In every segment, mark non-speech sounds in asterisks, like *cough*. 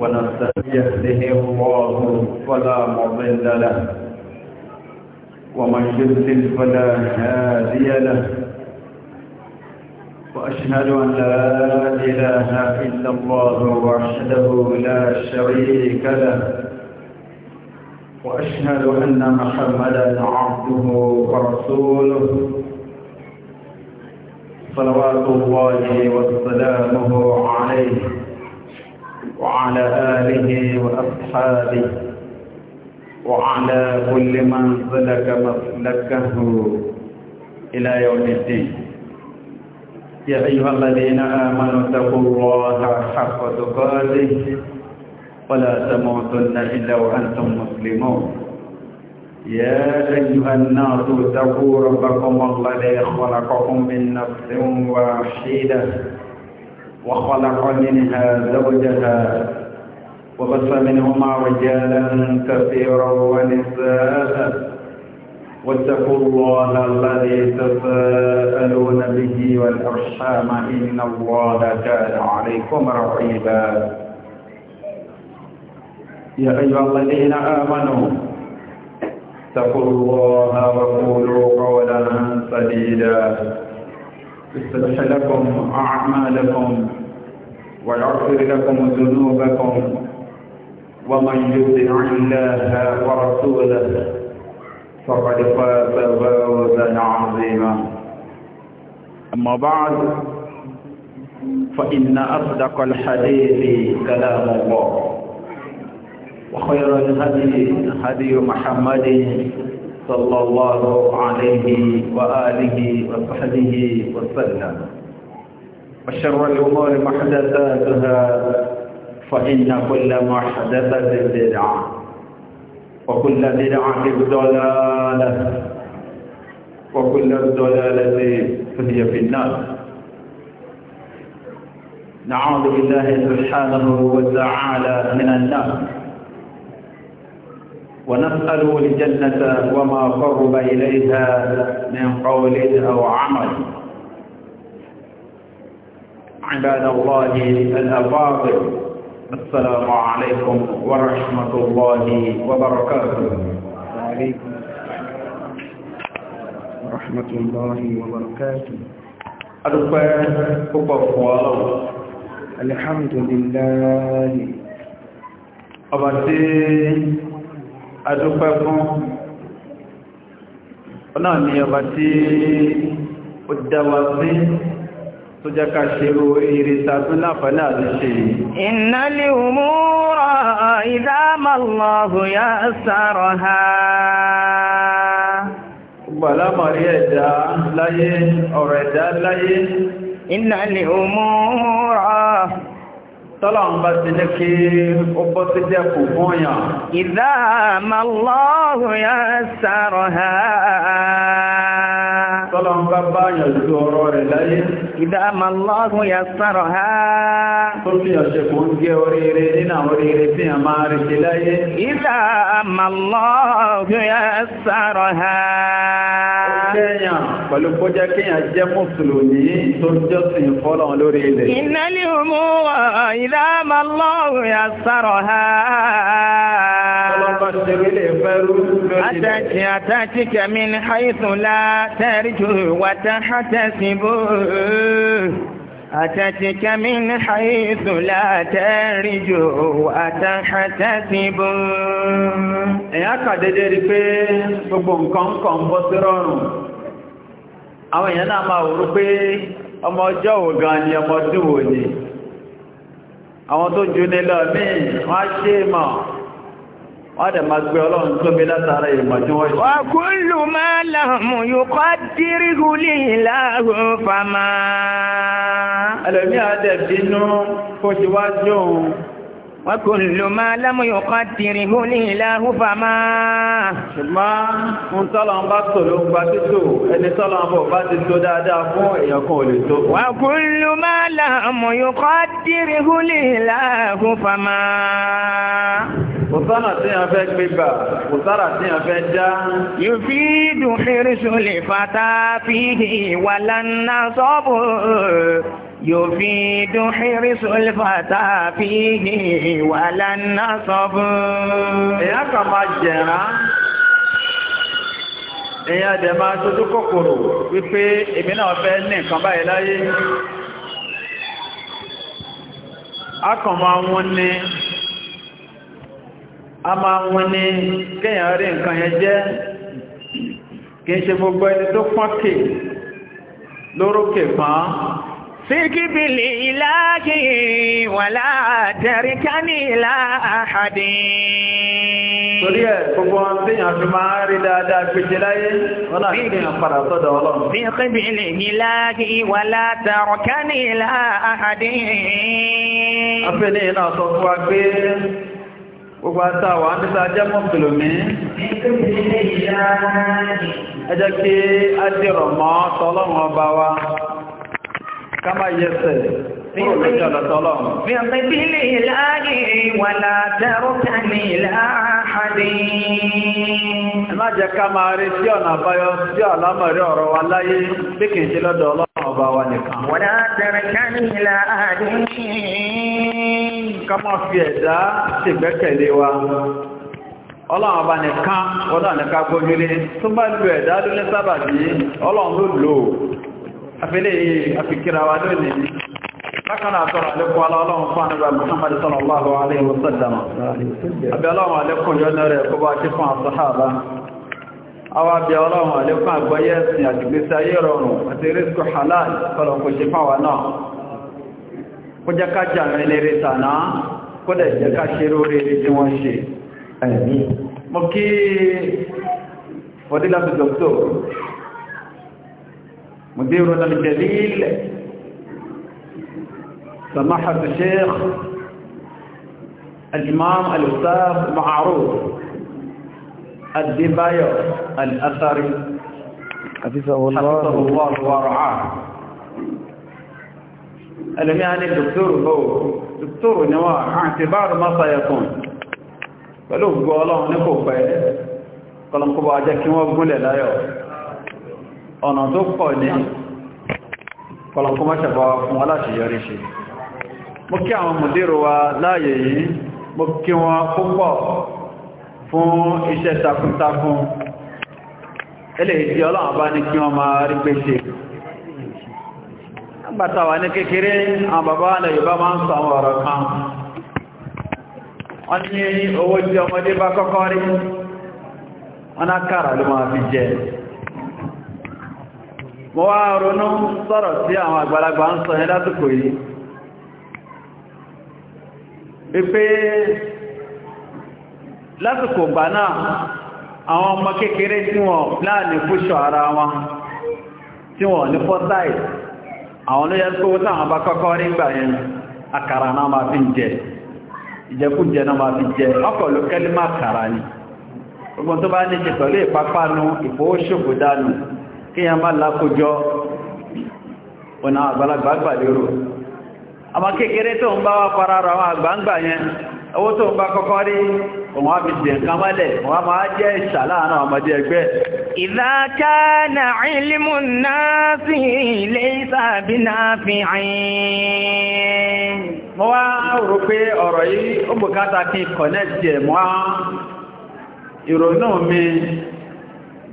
ونستهد يهده الله فلا مضل له ومن يضلل فلا هادي له وأشهد أن لا إله إلا الله وحده لا شريك له وأشهد أن محمدا عبده ورسوله صلوات الله وسلامه عليه وعلى آله وأصحابه وعلى كل من سلك مسلكه إلى يوم الدين يا أيها الذين آمنوا اتقوا الله حق تقاته ولا تموتن إلا وأنتم مسلمون يا أيها الناس اتقوا ربكم الذي خلقكم من نفس واحدة وخلق منها زوجها وبث منهما رجالا كثيرا ونساء واتقوا الله الذي تساءلون به والارحام ان الله كان عليكم رقيبا يا ايها الذين امنوا اتقوا الله وقولوا قولا سديدا يصلح لكم أعمالكم ويغفر لكم ذنوبكم ومن يطع الله ورسوله فقد فاز فوزا عظيما أما بعد فإن أصدق الحديث كلام الله وخير الهدي هدي محمد صلى الله عليه وآله وصحبه وسلم وشر الأمور محدثاتها فإن كل محدثة بدعة وكل بدعة ضلالة وكل الضلالة فهي في النار نعوذ بالله سبحانه وتعالى من النار ونسأله الجنة وما قرب إليها من قول أو عمل عباد الله الأفاضل السلام عليكم ورحمة الله وبركاته وعليكم ورحمة الله وبركاته أدوكي أبو الحمد لله أبتي adúpẹ́ fún ọ̀nà ni ọba tí ó dáwà sí tó jẹ́ ká ṣerú ìrìta tó láfàlá àti ṣe iná lè múrọ̀ ìdámàlọ́hù ya sàrọ̀ ha gbàlámọ̀rí ẹ̀dá láyé ọ̀rọ̀ ẹ̀dá láyé iná lè múrọ̀ tọ́lá ń bá ti ní kí ó bọ́ sí jẹ́ kò fún yàn. Idha mallahu yassaraha. tọ́lá ń bá báyàn ju ọ̀rọ̀ rẹ̀ láyé ìdáàmà lọ́gùn yà sọ́rọ̀ ha. Tó fi ọ̀ṣẹ̀ kò ń gẹ oríire nínú àwọn oríire tí a máa rí ṣe láyé. Ìdáàmà lọ́gùn yà sọ́rọ̀ ha. Kéèyàn pẹ̀lú kó jẹ́ kéèyàn jẹ́ Mùsùlùmí tó jọ́sìn fọ́lọ̀ lórí ilẹ̀. Ìnálí òmù wà ìdáàmà lọ́gùn yà sọ́rọ̀ ha. Ọlọ́pàá ṣe rí lè fẹ́ rú lórí ilẹ̀. Àtàkì àtàkì kẹ̀mí ni Háyìsùn tẹ́rí jù wà tán hátẹ́sìn bóòó. أتتك من حيث لا ترجو وتحتسب ẹ̀yà kàdédé rí pé gbogbo nǹkan kan bọ́ sí rọrùn àwọn èèyàn náà máa wòrú pé ọmọ ọjọ́ wo gan ni ọmọ ọdún wo ni àwọn tó jóni lọ míì wọ́n á ṣe mọ̀ ọdẹ máa gbé ọlọ́run tó mi látara ìmọ̀ tí wọ́n ṣe. ọkùnlù máa làmù yòókọ́ dírígù lè láàrùn fàmà. ẹlòmíà dẹ̀ kó ti wá jóun. وكل ما لم يقدره الإله فما ṣùgbọ́n ń tọ́lọ ń bá tò ló ń gba títò ẹni tọ́lọ ń bọ̀ bá ti tó dáadáa fún èèyàn kan ò lè tó. وكل ما لم يقدره الإله فما. kò sọ́nà tí yàn fẹ́ gbégbà kò sára tí yàn fẹ́ já. يفيد حرص الفتى فيه ولا النصب. يفيد حرص الفتى فيه ولا النصب يا كما جرى èyàn àdẹ̀ máa ṣojú kòkòrò wípé èmi náà fẹ́ ní nǹkan báyìí láyé a kàn máa wọn ni a máa wọn ni kéèyàn rí nǹkan yẹn jẹ́ kìí ṣe gbogbo ẹni tó pọ́nkè lórókè pọ́n síkí bìlì ìlàáhì wàlá àtẹ̀ríkání ìlà àhàdì. torí ẹ̀ gbogbo wọn tí yàn fi máa rí dáadáa gbèjì láyé wọn náà kí yàn padà sọ́dọ̀ ọlọ́run. síkí bìlì ìlàáhì wàlá àtẹ̀ríkání ìlà àhàdì. afẹ́lẹ́ náà sọ fún wa pé gbogbo àtàwà ń bísà jẹ́ mọ́kìlómí. ẹ jẹ́ kí á dìrọ̀ mọ́ tọ́lọ́run ọba wa. kama yẹsẹ̀ ní ìrìnjọ́ ká máa rí sí ọ̀nà àbáyọ sí àlámọ̀rí ọ̀rọ̀ wa láyé bí kìí ṣe lọ́dọ̀ ọlọ́run ọba wa nìkan. Wà Ká fi ẹ̀dá wa ọlọ́run ọba nìkan ọlọ́run nìkan gbójúlé tó bá lu ẹ̀dá sábàbí ọlọ́run ló lò àfẹ́lẹ́ àfikira wa lónìí bákan náà tọrọ àlékún aláwọ̀lọ́wọ̀n fún àníbà muhammadu sallallahu alaihi wasallam abẹ́ aláwọ̀n àlékún yọ́nà rẹ̀ kó bá kí fún àṣáhàbá awa bí aláwọ̀n àlékún àgbáyé ẹ̀sìn àjùgbésí ayé rọrùn àti rísíkù halal kọlọ̀ kò مديرنا الجليل سماحة الشيخ الإمام الأستاذ معروف الدبايو الأثري حفظه الله الله ورعاه ألم يعني الدكتور هو دكتور نواح اعتبار ما سيكون فلو قالوا نكوفة قالوا نكوفة أجاكي وقل لا يوم ọ̀nà tó pọ̀ ní kọlọ̀kọmọ́ṣẹ̀bọ̀ fún aláṣeyọrí ṣe mo kí àwọn mùdírò wa láàyè yìí mo kí wọn púpọ̀ fún iṣẹ́ takuntakun eléyìí tí ọlọ́run bá ní kí wọ́n máa rí pèsè nígbàtà ní kékeré àwọn bàbá alẹ́ Yorùbá máa ń sọ àwọn ọ̀rọ̀ kan wọ́n ní owó tí ọmọdé bá kọ́kọ́ rí wọ́n á ló mo wá ronú si awọn àwọn àgbàlagbà ń sọ yẹn lásìkò yìí wípé lásìkò ọmọ kékeré tí wọ́n láàrin fúṣọ ara wọn tí wọ́n ní fọ́sáì àwọn ló yẹ tó táwọn bá kọ́kọ́ rí gbà yẹn àkàrà náà máa fi jẹ ìjẹkújẹ náà fi jẹ ọkọ̀lù ni gbogbo kí a máa ọ ọ̀nà àgbàlagbà gbàlérò àmọ́ kékeré tó ń bá wá fara rọ àwọn àgbàǹgbà yẹn owó tó ń bá kọ́kọ́ rí òun á fi nǹkan mọ́lẹ̀ òun á jẹ́ ìṣà láàárín ẹgbẹ́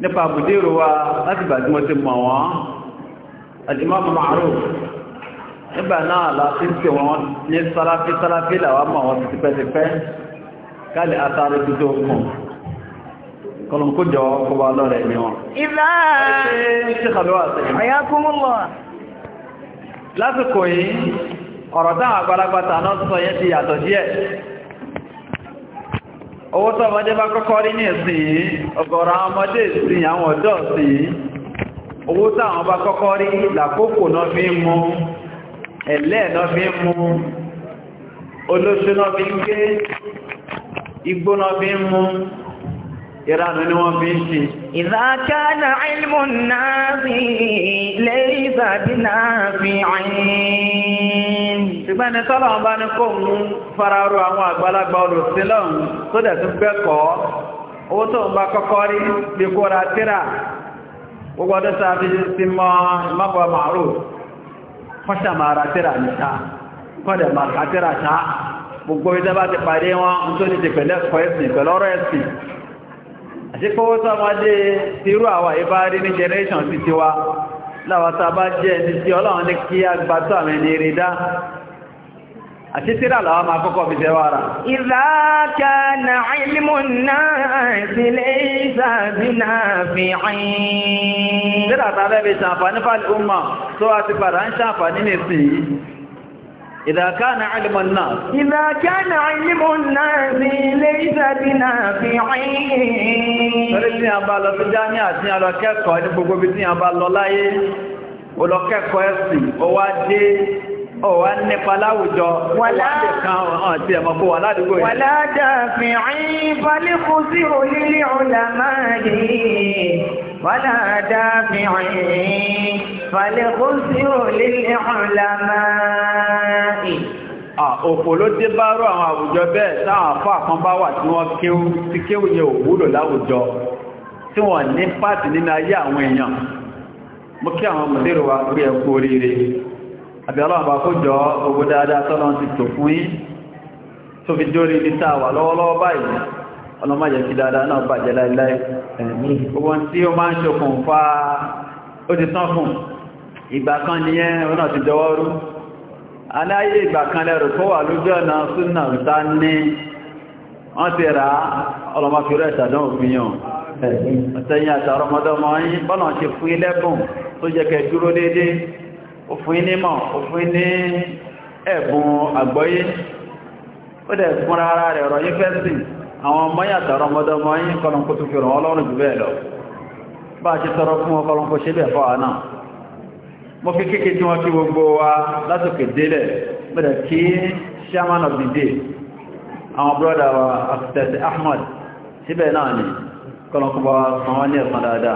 nípa àbùdé ìrò wa láti gbà tí mo ti mọ̀ wọ́n àdìmọ́mù màárù nígbà náà láti tí wọ́n ní sáláfí sáláfí làwà mọ̀ wọ́n ti pẹ́tipẹ́ káàlì àtàrí tí tó kùn kọlùnkójọ kọba lọ́rẹ̀ ni wọn lásìkò owó tó ọmọdé bá kọ́kọ́ rí ní ẹ̀sìn àwọn ọmọdé ìsìn àwọn ọ̀dọ́ sí owó táwọn bá kọ́kọ́ rí làkókò náà fi ń mú ẹ̀lẹ́ náà fi ń mú olóṣù náà fi ń igbó náà fi ń mú ni wọ́n fi ń ṣe náà lè ṣùgbọ́n ẹni tọ́lọ̀ wọn bá ní kó mú fararó àwọn àgbàlagbà olùsílọ̀hún tó dẹ̀ tún gbẹ́kọ̀ọ́ owó tó ń bá kọ́kọ́ rí bí kó ra tíra gbogbo ọdún sáfi sí mọ́ ìmọ́bọ̀ màrú kọ́ṣà máa ra tíra níta kọ́dẹ̀ máa ka tíra ṣá gbogbo ìjọba ti pàdé wọn tó ní ti pẹ̀lẹ́ kọ́ ẹ̀sìn pẹ̀lú ọ̀rọ̀ ẹ̀sìn àti kówó sọ́mọdé ti rú àwa ìbá rí ní generation ti tiwa láwàtà bá jẹ́ ẹni tí ọlọ́run ní kí agbátọ́ àmì ní rí àti tíra làwọn máa kọ́kọ́ fi jẹ́ wára. ìdáka na ilmù náà sí lè ìsàbínà fi ẹ̀yìn. tíra tàbí fi ṣàǹfàní fàlì umma tó a ti padà ń ṣàǹfàní ní sí ìdáka na ilmù náà. ilmù náà sí lè ìsàbínà fi ẹ̀yìn. torí tí a bá lọ sí jámíà tí a ní gbogbo ọ̀wá nípa láwùjọ wàládẹ̀ kan ọ̀hàn tí ẹmọ kó wà ládùúgbò yìí. wàládà fi àyín balẹ̀kù sí onílé ọ̀làmáàdì wàládà fi àyín balẹ̀kù sí onílé ọ̀làmáàdì. òpò ló dé bá rú àwọn àwùjọ bẹ́ẹ̀ táwọn afọ àkan bá wà tí wọ́n kéwú tí kéwú yẹn láwùjọ tí wọ́n ní pàtì nínú ayé àwọn èèyàn mo kí àwọn mọ̀lẹ́rọ wa pé ẹ oríire àbí ọlọ́run bá kó jọ ogbó dáadáa tọ́lọ́n ti tò fún yí tó fi dórí ní tàwà lọ́wọ́lọ́wọ́ báyìí ọlọ́mọ̀jẹ̀ kí dáadáa náà bàjẹ́ láìláì gbogbo tí ó máa ń ṣokùn fa ó ti tán fún ìgbà kan nìyẹn ọ̀nà ti dọwọ́rú aláyé ìgbà kan lẹ́rù kó wà lójú ọ̀nà súnà ta ní wọ́n ti rà ọlọ́mọkìrọ̀ ẹ̀sàdán òfin yàn ọ̀tẹ́yìn àtàrọmọdọ́mọ yín bọ́nà ti fún tó jẹ́ dúró déédéé òfin ní mọ̀ òfin ní ẹ̀bùn àgbọ́yé ó dẹ̀ fún ara rẹ̀ ọ̀rọ̀ yí fẹ́ àwọn ọmọ yàtọ̀ ọmọdọmọ yí kọlọ̀kọ́ jù bẹ́ẹ̀ lọ bá ti tọrọ fún ọkọlọ̀kọ́ ṣe bẹ̀ fọ́ àná mo fi kéèké tí wọ́n gbogbo wa látòkè délẹ̀ kí chairman of the day àwọn brọ́dà wa Ahmed síbẹ̀ náà ni bá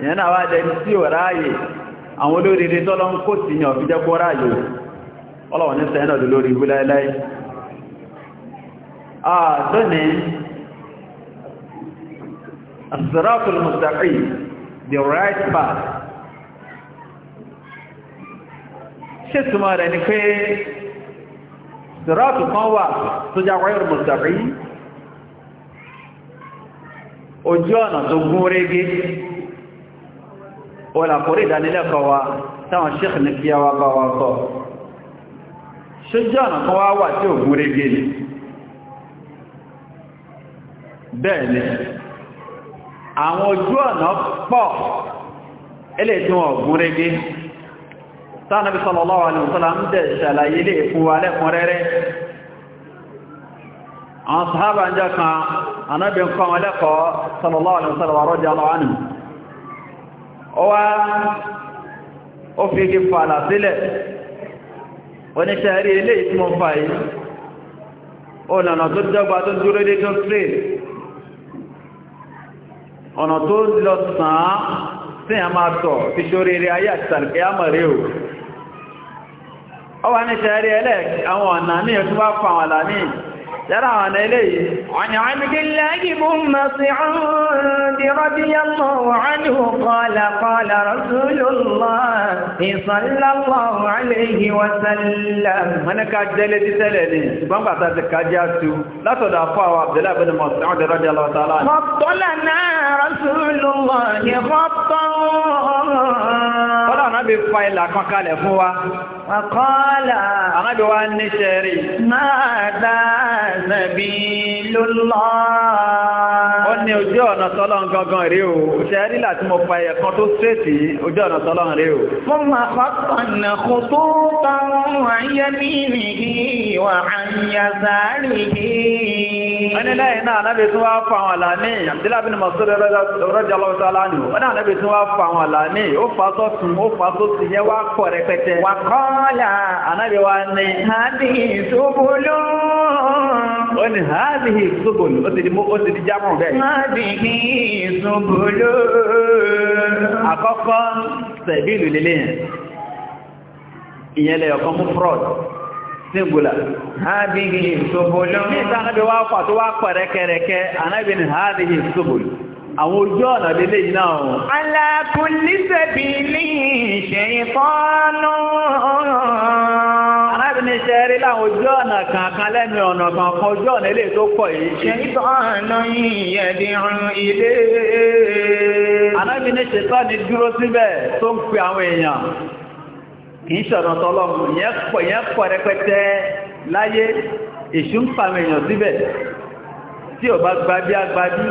ìyẹn náà wá tí ò ráyè àwọn olóríire tọ́lọ́ ń kó sí yàn fi kó ráyè ọlọ́wọ̀n ní sẹ́yìn náà lórí ìwé láíláí àtọ́ni asiratul mustaqim the right path ṣe túnmọ̀ rẹ̀ ni pé siratu kan wà tó já ojú ọ̀nà tó gún régé wọ́n àkórí ìdánilẹ́kọ̀ọ́ wa táwọn sheikh ní kí a wá bá wa sọ ṣójú ọ̀nà kan wá wà tí ò gúrégé ni bẹ́ẹ̀ ni àwọn ojú ọ̀nà pọ̀ ẹlẹ́ tí wọ́n gúnrégé tánàbí sallallahu alaihi wasallam ń dẹ̀ ọwá ó fi igi fàlà sílẹ̀ oníṣẹ́ rí ilé ìtumọ̀ fà yìí ọ̀nà tó dọ́gba tó dúró dé tó tré ọ̀nà tó lọ sàn sí a máa tọ̀ fi ṣorí rí ayé àtàlùkẹ́ àmàrí o ọwá níṣẹ́ rí ẹlẹ́ àwọn ọ̀nà ní ẹ̀tún fà wọn là ní ترى إليه عن عبد الله بن مصعود رضي الله عنه قال قال رسول الله صلى الله عليه وسلم أنا كاجل تسلني سبحان بعد كاجات لا تدافع عبد الله بن مصعود رضي الله تعالى فطلنا رسول الله فطلنا anábì fa ilà kan kalẹ̀ fún wa. Àkọ́lá. Anábì wa ní ṣẹ́rí. Máa dá ṣẹ̀bí lọ́lọ́. Ó ní ojú ọ̀nà tọ́lọ́n gangan rí o. Ṣẹ́rí láti mo fa ẹ̀yẹ̀ kan wani lẹ́yìn náà anábì tún wá fa àwọn àlàní Abdullahi bin Mas'ud radiyallahu ta'ala anhu wọ́n náà anábì tún wá fa àwọn àlàní ó fa sọ́tún ó fa sósì yẹ wá pọ̀ rẹpẹtẹ. wà kọ́lá anábì wa ní. hadihi subulu. ó ní hadihi subulu O ti di ó ti di jámọ̀ bẹ́ẹ̀. hadihi subulu. àkọ́kọ́ sẹ̀bílù lélẹ́yìn ìyẹn lẹ́yọ̀kan mú fraud. singular hadihi subul ni ta bi wa fa to wa pere kereke anabi ni hadihi subul àwọn ojú ọ̀nà lélẹ̀ yìí náà o. alákùnlé sẹ́bìlì ṣèyíkọ́nù. arábìnrin ṣe rí láwọn ojú ọ̀nà kankan lẹ́nu ọ̀nà kankan ojú ọ̀nà ilé tó pọ̀ yìí. ṣèyíkọ́nù ìyẹ̀dìrún ilé. arábìnrin ṣetán ni dúró síbẹ̀ tó ń pe àwọn kìí ṣọ̀nà tọ́lọ́mù yẹn pọ̀ yẹn pọ̀ rẹpẹtẹ láyé èṣù ń pàmì èèyàn síbẹ̀ tí ò bá gbadí agbadí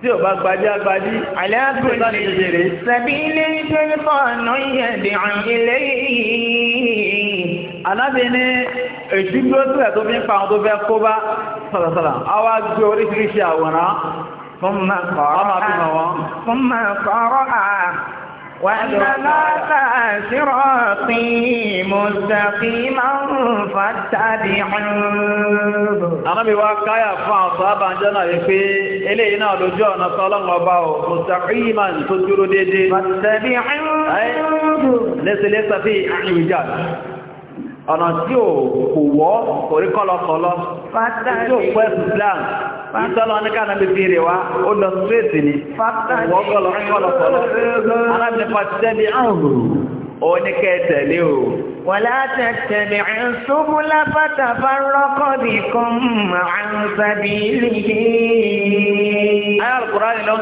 tí ò bá gbadí agbadí àlẹ́àbùnà ìjèrè sẹ̀bílẹ̀ ìṣẹ́lẹ̀fọ́nà ìyẹ̀dẹ̀ ilé yìí alábìnrin èṣù gbóṣùlẹ̀ tó fi ń pa àwọn tó fẹ́ kó bá sọ̀rọ̀sọ̀rọ̀ àwa gbé oríṣiríṣi àwòrán fún mọ̀ kọ́rọ̀ وَإِنَّمَا صِرَاطِي مُسْتَقِيمًا فَاتَّبِعُوهُ Ànábì wa káyà fún àwọn sọ́ábà ń jẹ́nà rí pé eléyìí náà lójú ọ̀nà tọ́lọ́wọ́ bá ò mustaqiman tó dúró dédé. Fattabi'uhu. Lẹ́sẹ̀lẹ́sẹ̀ fi àyíwìjà ọ̀nà tí ò kò wọ́ orí kọ́lọkọ́lọ tí Ìtọ́lọ ní káàdà bí fèrè wá, ó lọ síréètì ni, wọ́gọ́lọ̀ kọ́lọ̀kọ́lọ̀. Alábìnifà ti tẹ́lẹ̀ ààrùn, ó ní kẹ́ tẹ̀lé o. Wàlá tẹ̀tẹ̀lẹ̀ ṣubú lápátà bá rọ́kọ̀ bí kan máa ń sàbílì. Ayá Alkùránì ló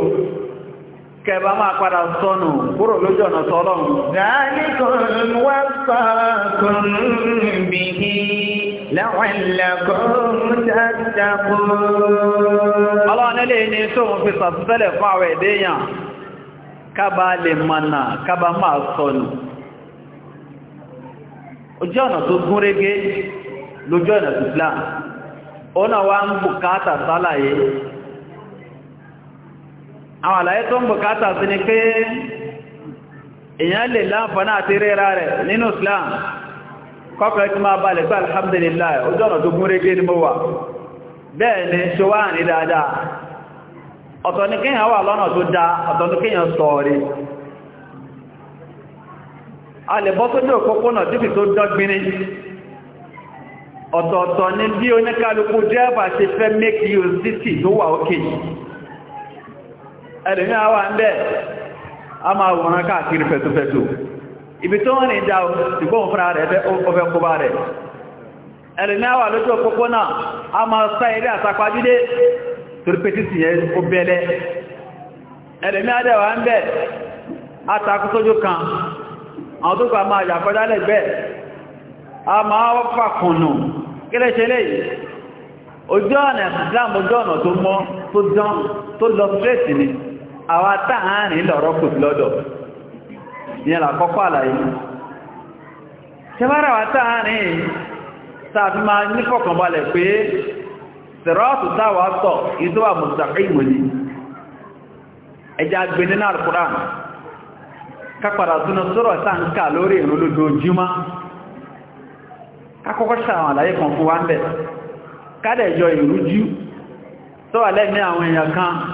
ń kẹba máa padà sọnù kúrò lójú ọ̀nà tọ́lọ́run. Zàálìkùn wá fàákùn bí i láwọ̀lẹ̀kùn tàtàkùn. Ọlọ́run ilé ní sóhun fi sàtútẹ́lẹ̀ fún àwẹ̀ èdèyàn, kába lè mọ̀nà, kába máa sọnù. Ojú ọ̀nà tó gún régé lójú ọ̀nà tó àwọn àlàyé tó ń bùkátà sí ni pé èyàn lè láǹfàánà àti rírá rẹ̀ nínú Islam kọ́kọ̀ẹ́ tí máa balẹ̀ alhamdulillah ojú ọ̀nà tó gún régé ní mo bẹ́ẹ̀ ni ṣe wá ní dáadáa ọ̀tọ̀ ní kíyàn wà lọ́nà tó dá ọ̀tọ̀ ní kíyàn sọ̀rí a lè bọ́ sójú òpópónà tó dọ́gbìnrin ọ̀tọ̀ọ̀tọ̀ ní bí oníkálukú ṣe fẹ́ make you city tó wà yìí ẹlùmí àwà ń bẹ́ a máa wòrán káàkiri fẹ́tofẹ́tò ibi tó wọ́n ní ìjà ìgbóhùn fúnra rẹ̀ ọfẹ́ kọba rẹ̀ ẹlùmí àwà lójú náà a máa sá eré àtàkwájúdé torípẹ́tìsì a ojú ọ̀nà ìsìlámù ojú ọ̀nà tó mọ́ tó lọ ni àwa táàrin lọ̀rọ̀ kò sí lọ́dọ̀ ìyẹn làkọ́kọ́ àlàyé ṣẹ́bára wa táàrin tàbí máa ní fọ̀kànbalẹ̀ pé sẹ̀rọ́ọ̀tù táwà tọ̀ ìtọ́wà mùsàkímù ní ẹja gbẹni náà kan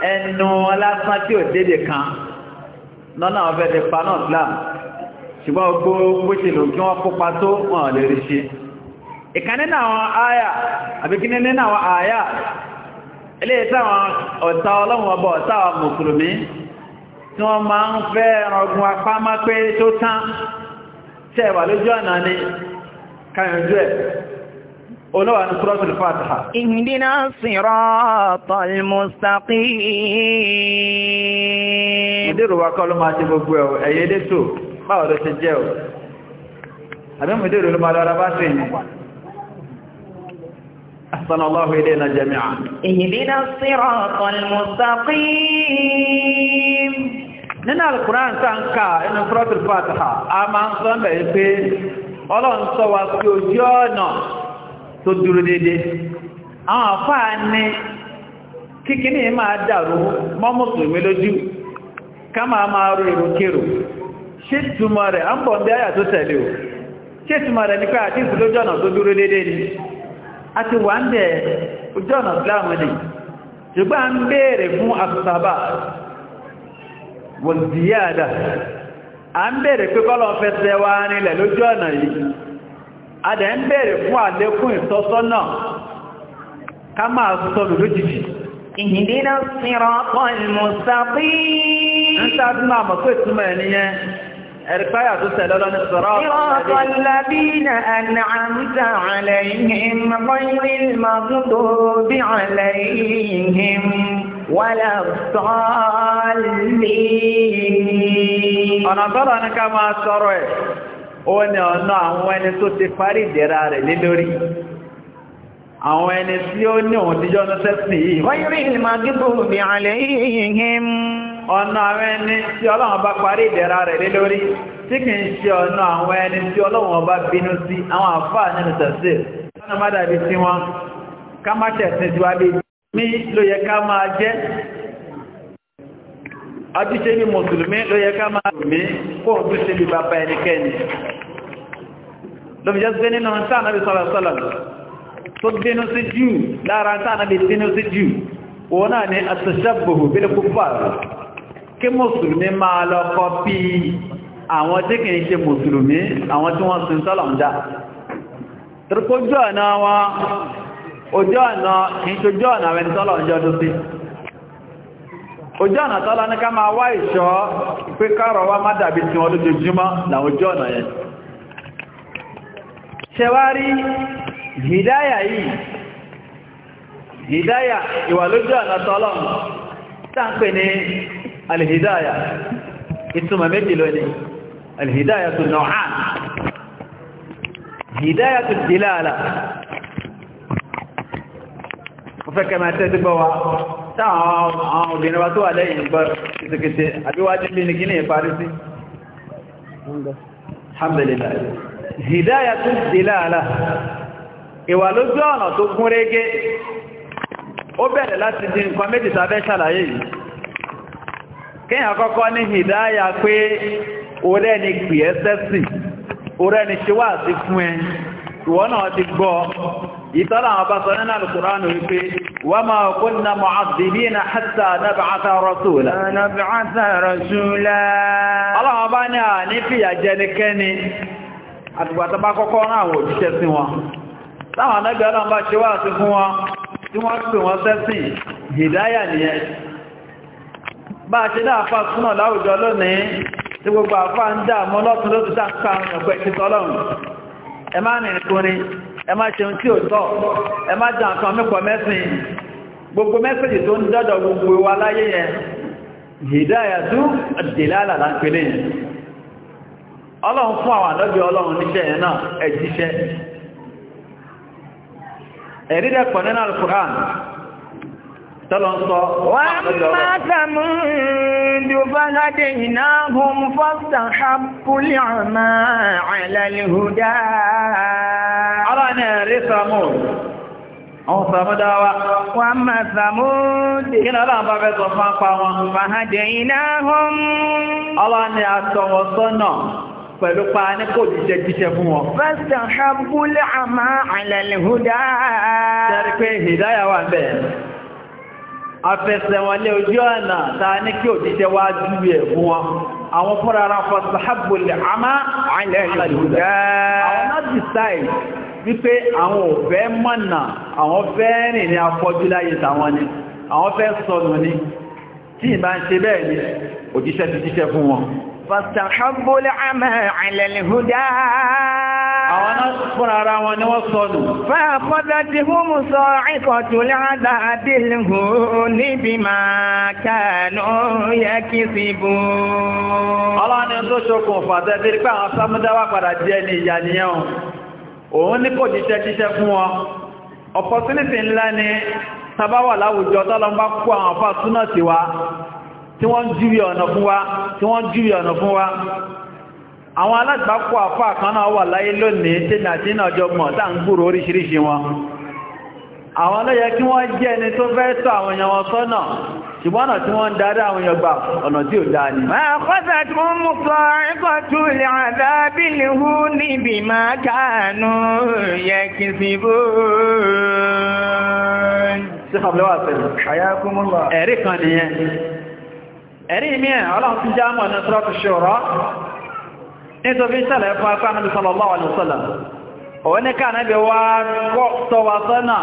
ẹnu ọlásán tí ò nọ kan lọ́nà ọ̀fẹ́ ti pa náà islam ṣùgbọ́n ogbó gbóṣèlú kí wọ́n kópa tó wọ́n lè rí ṣe ìkànnì náà àyà àbíkíní nínú àwọn àyà ilé ìtàwọn ọ̀tá ọlọ́run ọba ọ̀tá mùsùlùmí tí wọ́n ni káyànjú ẹ̀ olówà ní suratul Fatiha ihdina siratal mustaqim ìdírò wa kọ́ ló máa ti gbogbo ẹ̀wọ̀ ẹ̀yẹ lẹ́tò báwo ló ti jẹ́ ọ̀ àbẹ́mù ìdírò ló جميعا اهدنا الصراط المستقيم nínú alìkùnrán tàǹkà inú suratul Fatiha a máa ń sọ mẹ́ pé ọlọ́run sọ wa sí ojú ọ̀nà tó dúró dédé àwọn àfáà ní kíkíní máa dàrú mọ́ mùsùlùmí lójú ká máa máa rú ìrúkèrò ṣe túnmọ̀ rẹ̀ a ń bọ̀ bí àyà tó tẹ̀lé o ṣe túnmọ̀ rẹ̀ nípa àti ìfúlójú ọ̀nà tó dúró dédé ni a ti wà ń bẹ̀ ojú ọ̀nà ìsìláàmù ni ṣùgbọ́n ń béèrè fún àtúntàbà wọ̀n a ń béèrè pé kọ́lọ̀ fẹ́ tẹ́wàá nílẹ̀ yi. adẹ̀ ń bèèrè fún àlékún ìtọ́sọ́nà ká máa sọ̀rọ̀ lójijì ìhìndínà sírọ̀pọ̀ ìmùsàbí ń sáàtí máa mọ̀ pé túnmọ̀ ẹniyẹn ẹ̀rìkáyà tó tẹ̀lẹ̀ lọ ní sọ̀rọ̀ ọ̀nà tọ́lọ ní ká máa sọ̀rọ̀ ẹ̀ ó ní ọ̀nà àwọn ẹni tó ti parí ìdẹ̀ra rẹ̀ lé lórí àwọn ẹni tí ó ní òun tíjọ́ ní yìí wọ́n rí ma gígbò bí alẹ́ ìhìn ọ̀nà àwọn ẹni tí ọlọ́run bá parí ìdẹ̀ra rẹ̀ lé lórí àtúnṣe ní mùsùlùmí ló yẹ ká máa rùmí kó ń túnṣe bí bàbá ẹnikẹ́ni lọ́bìjẹ́ sí nínú sáànàbí sọ́lọ̀sọ́lọ̀ tó dínú sí jù lára sáànàbí dínú sí jù ni àtúnṣẹ́bùhù bí kí mùsùlùmí máa lọ kọ́pì àwọn tí kìí ṣe mùsùlùmí àwọn tí wọ́n sin sọ́lọ̀ ń dá ojú ọ̀nà tọ́lá ní ká máa wá ìṣọ́ pé káàrọ̀ wá má dàbí tí wọ́n lójoojúmọ́ láwọn ojú ọ̀nà yẹn ṣẹwárí hìdáyà yìí hìdáyà ìwà lójú ọ̀nà tọ́lọ́ táǹpé ní alìhìdáyà ìtumọ̀ méjì lónìí alìhìdáyà tó nọ̀hán hìdáyà tó dìláàlà mo fẹ́ kẹ́ máa tẹ́ táwọn àwọn obìnrin tó wà lẹ́yìn gbọ́ ìsìnkìtì àbíwájú bí ní kíní ìparí sí ìwà lójú ọ̀nà tó ó bẹ̀rẹ̀ láti di nǹkan méjì tàbẹ́ ṣàlàyé yìí kíyàn kọ́kọ́ ní hidaya pé orẹ́ ni pìẹ́sẹ́sì orẹ́ ni ṣíwà sí fún ẹ ìwọ ti gbọ́ ìtọ́lá àwọn bá sọ nínú alùkùránù wípé wà máa kún na mọ̀áàdìbí na hàtà nàbàátà rọ̀túlá. nàbàátà rọ̀túlá. ọlọ́wọ́ bá ní à ní fìyà jẹnikẹ́ni àtìgbàtà bá kọ́kọ́ rán àwọn òjíṣẹ́ sí wọn láwọn anábì ọlọ́run bá ṣe wá sí fún wọn ẹ má ṣe tí ó tọ́ ẹ mẹ́sìn gbogbo mẹ́sìnjì tó ń dọ́dọ̀ gbogbo wa láyé yẹn hìdáyà àdìlálà lápẹ́lẹ̀ ọlọ́run fún àwọn àlọ́bí ọlọ́run níṣẹ́ yẹn náà ẹ̀jíṣẹ́ ẹ̀rídẹ̀pọ̀ nínú al tọ́lọ ń sọ wọ́n mátàmù dùbọ́ládé ìnáhùn fọ́sàn hapúlì ọ̀nà àìlàlìhùdá ọ̀rọ̀ ní ẹ̀rí sọmù àwọn sàmúdáwà wọ́n mátàmù dùbọ́ládé pẹ̀lú pa ní kò jíjẹ jíjẹ fún wọn. Fẹ́sàn ṣàbúlẹ̀ àmà àlẹ́lẹ́húdá. Tẹ́rí pé ìdáyàwó àbẹ̀ afẹsẹ̀wọlé ojú ọ̀nà táa ní kí òjíṣẹ́ wá júwé ẹ̀ fún wọn àwọn fúnra ara fasahabu lè àmá àìlẹ́yìnlẹ́ àwọn náà decide wípé àwọn ò fẹ́ mọ̀nà àwọn فاستحبوا العمى على الهدى àwọn fúnra ara wọn ni wọ́n sọnù. fàkọ́dá ti fún mú sọ ìkọ̀tù láàdá àdìlùkù níbi máa kàánú yẹ kí sí bú. ọlọ́ni tó ṣokùnfà tẹ́tí pé àwọn sámúdáwà padà jẹ́ ní ìyà nìyẹn òun ní kò jíṣẹ́ jíṣẹ́ fún wọn opportunity ńlá ni tabawa láwùjọ tọ́lọ́mbá kó àwọn fásúnà sí wa tí wọ́n júwe ọ̀nà fún wa tí wọ́n júwe ọ̀nà fún wa àwọn alágbàkọ àfà kan náà wà láyé lónìí tí nàìjí náà jọ mọ̀ tá ń gbúrò oríṣiríṣi wọn àwọn ló yẹ kí wọ́n jẹ́ ẹni tó fẹ́ tọ́ àwọn èèyàn wọn sọ́nà ṣùgbọ́n ọ̀nà tí wọ́n ń darí àwọn èèyàn gbà ọ̀nà tí ò dáa ni. máa kọ́sà tí wọ́n mú sọ ẹ̀kọ́ tó lè àdá bí lè hú níbi máa kánú yẹ kí sí bó. ṣé kàbílẹ̀ wà pẹ̀lú. àyà kúmúlọ̀. ẹ̀rí kan nìyẹn ẹ̀rí mìíràn ọlọ́run ti já mọ̀ ní sọ́rọ̀tù ṣòro nítorí ìṣẹ̀lẹ̀ fún apá àmì sallallahu alaihi wasallam òun ní káànábẹ̀ wá tọ́ wa sọ́nà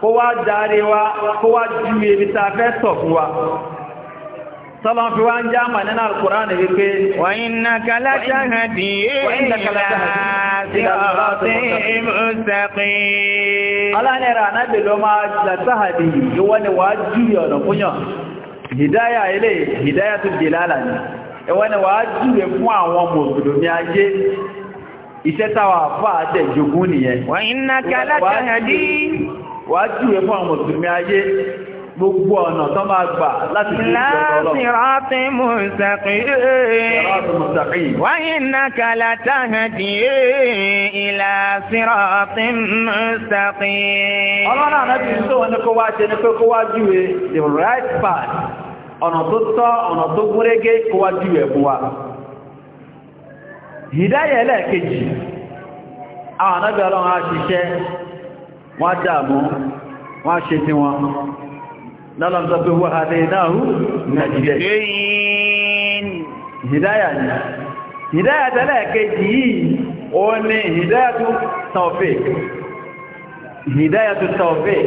kó wá darí wa kó wá ju ebi ta fẹ́ sọ fún wa sọ́lọ́n fi wá ń já mọ̀ nínú Al-Qur'an wípé wa hidaya ilé hidaya tó dè lálà ní fún àwọn mùsùlùmí ayé iṣẹ́ táwà afọ àtẹ̀ jogún nìyẹn wàá júwe fún àwọn mùsùlùmí ayé gbogbo ọ̀nà tó máa gbà láti fi ìjọba ọlọ́run. Láti mùsàkì. Wáyé náà kàlà táhàdì ìlà sírọ̀tì mùsàkì. Ọlọ́run àrẹ́bì tó wọn ní kó wá ṣe ní pé kó wá júwe the right path, ọ̀nà tó tọ́, ọ̀nà tó gúnrégé kó wá júwe fún wa. Hìdáyẹ̀ ẹlẹ́ẹ̀kejì, àwọn àrẹ́bì ọlọ́run á ṣiṣẹ́, wọ́n á dààmú, wọ́n á ṣe tí wọn lọ́lọ́m sọ pé wọ́n àdé náàrú nàìjíríà hìdáyà ni hìdáyà tẹ́lẹ̀ kejì yìí ó ní hìdáyà tó tọ̀fẹ́ hìdáyà tó tọ̀fẹ́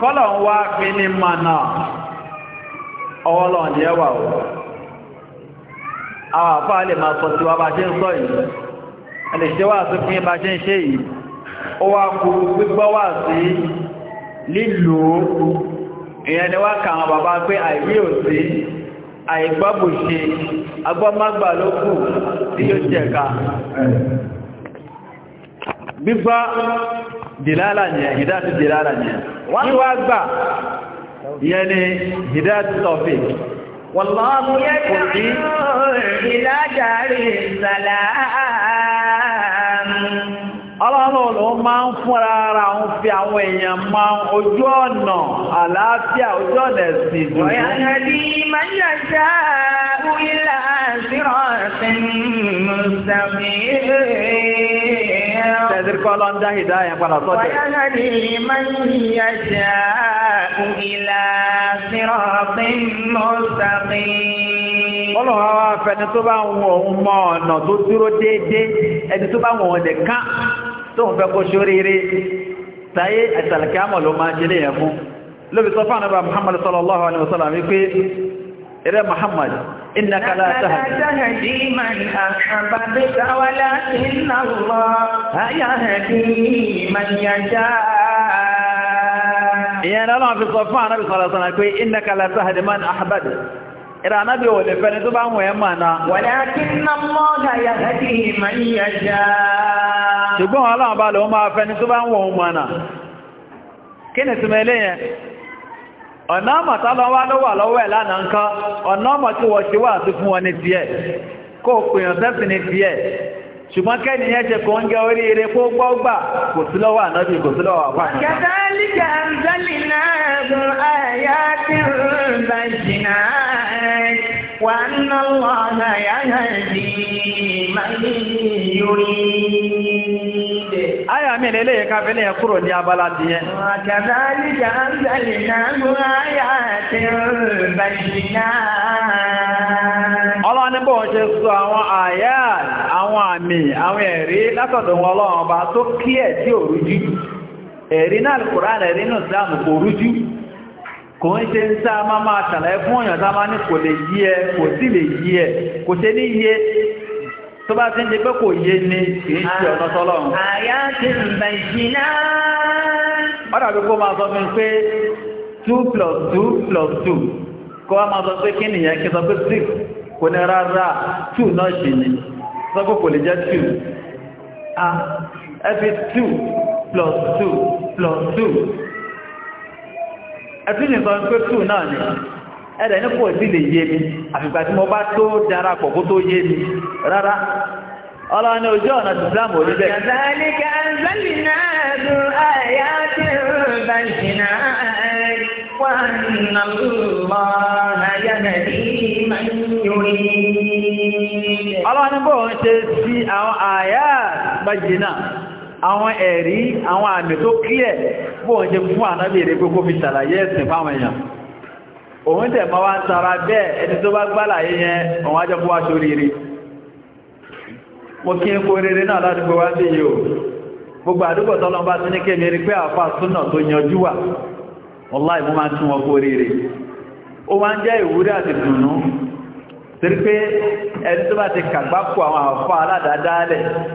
kọ́lọ̀ ń wá fi ní mana ọwọ́lọ̀ jẹ́ wà o àwọn àfáà lè máa sọ sí wa bá ṣe ń sọ yìí ẹlẹ́ṣẹ́ wà sí fún bá ṣe ń ṣe yìí ó wá kú gbígbọ́ wà sí lílò èèyàn ni wá ka àwọn bàbá pé àìrí òsí àìgbábò ṣe agbọ́mágbà ló kù tí yóò jẹ̀ka gbígbá dìlára ni ìdájú dìlára ni wọ́n wá gbà ìyẹn ni ìdájú tọ́fíì والله يدعو ọlọ́run ló máa ń fúnra ara ń fi àwọn èèyàn mọ ojú ọ̀nà àlàáfíà ojú ọ̀nà ẹ̀sìn ìdùnnú. ọ̀yà nàbí máa ń yàjá ìlà sírọ̀sìn mùsàmì. Tẹ̀sírí kọ́ lọ ń dá ìdá yẹn padà sọ́dọ̀. ọ̀yà nàbí máa ń yàjá ìlà sírọ̀sìn mùsàmì. Ọlọ́run àwọn afẹni tó bá ń wọ̀ ọ́n mọ ọ̀nà tó dúró déédéé ẹni tó bá wọ̀ ọ́n dẹ̀ kán tóun fẹ́ kó ṣoríire táyé àtàlùkíámọ̀ ló máa ṣe léyìn fún lóbi sọ fún ànábà muhammad sallallahu alaihi wasallam wípé eré muhammad إنك لا تهدي من أحببت ولكن الله يهدي من يشاء يعني الله في الصفحة نبي ìrànábì ò lè fẹ́ni tó bá wọ̀ ẹ́ mà náà. walakinna Allaha yahdi man yasha. ṣùgbọ́n ọlọ́run bá lòun máa fẹ́ni tó bá wọ̀ ọ́n mà náà. kí ni túnmọ̀ eléyẹn? ọ̀nà àmọ̀ tálọ́wá ló wà lọ́wọ́ ẹ̀ lánàá ń kọ́ ọ̀nà àmọ̀ tí wọ́n ṣe wà sí fún ní tiẹ̀ kó o pèèyàn sẹ́sìn ní tiẹ̀ ṣùgbọ́n kẹ́ni yẹn ṣe kàn ń gẹ orí eré kó gbọ́ kò sí lọ́wọ́ ànábì kò sí lọ́wọ́ àpá kan. kẹtàlíjà ń zálì náà gùn àyà tí ń bàjì náà. وأن الله يهدي من يريد آية من إليه كافلة يقول يا بلدي وكذلك أنزلناه آيات بينات ọlọ́run ní ṣe sọ àwọn àyà àwọn àmì àwọn ẹ̀rí látọ̀dọ̀ wọn ọlọ́run ọba tó kílẹ̀ tí òrújú ẹ̀rí náà Kùránì ẹ̀rí Ìsìlámù kò ń ṣe ń sá máa máa ṣàlàyé fún ọ̀yàn tá a máa ní kò lè yí ẹ kò sí lè yí ẹ kò ṣe ní yé tó bá ti ń di pé kò yé ni kì í ṣe ọ̀nà tọ́lọ́run. àyà ti ń bẹ̀ jìnnà. wọ́n dàbí kó máa sọ fún mi pé two plus two plus two kó wá máa sọ pé kí nìyẹn kí n sọ pé six kò ní rárá two náà ṣì ni sọ pé kò lè jẹ́ two. Ah, ẹ fi two plus two plus two. ẹ̀tún ìsọ pé tù náà ni ẹ̀rẹ̀ ní kò sí lè yé mi àfìgbà tí mo bá tó darapọ̀ kó tó yé mi rárá ọlọ́ni ojú ọ̀nà ti dáàmù orí bẹ́ẹ̀. kàbálíkà zálì náà dùn na tí ó bá jìnà wọn ṣe sí àwọn àyà àwọn ẹ̀rí àwọn àmì tó kílẹ̀ bóòun ṣe fún ànábì èrè pé kó fi ṣàlàyé ẹ̀sìn fáwọn èèyàn òun tẹ̀ máa ń tara bẹ́ẹ̀ ẹni tó bá gbálàyé yíyẹn òun ajọ́ bó wá sóríire mo náà wá yìí o gbogbo àdúgbò bá ní rí pé súnà tó yanjú wà máa tún wọn kó rere ó máa ń jẹ́ ìwúrí àti dùnú torí pé ẹni tó bá ti àwọn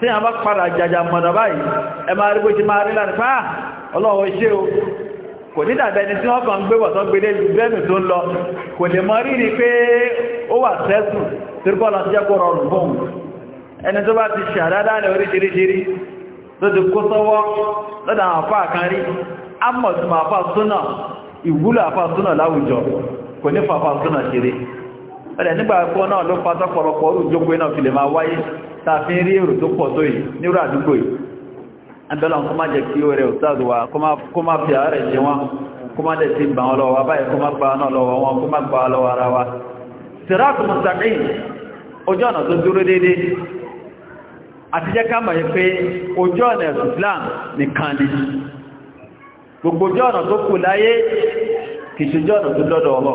tí a bá padà jàjà mọ̀nà báyìí ẹ máa rí bó ti máa rí lánàá pàá ọlọ́wọ́ iṣẹ́ o kò ní dàbẹ́ ni tí wọ́n kàn ń gbé bọ̀tọ́ gbélé lẹ́nu tó ń lọ kò lè mọ rí ni pé ó wà sẹ́sùn tírúkọ́ lọ jẹ́ kó rọrùn bóun ẹni tó bá ti ṣàdádá ní oríṣiríṣiri tó ti kó sọ́wọ́ lọ́dọ̀ àwọn kan rí ámọ̀tún àfà súnà ìwúlò àfà súnà láwùjọ kò ní fà àfà súnà ṣeré ẹ̀rẹ̀ nígbà ẹ̀kọ́ náà ló pàtọ́ pọ̀rọ̀pọ̀ olùjógbé náà fi lè máa wáyé tààfi rí èrò tó pọ̀ tó yìí nírò àdúgbò yìí ẹ̀bẹ̀lọ́n kó má jẹ́ kí ó rẹ̀ òtàdù wa kó má fi àárẹ̀ jẹ wọn kó má dẹ̀ ti bà wọn lọ́wọ́ báyìí kó má lọ́wọ́ wọn kó má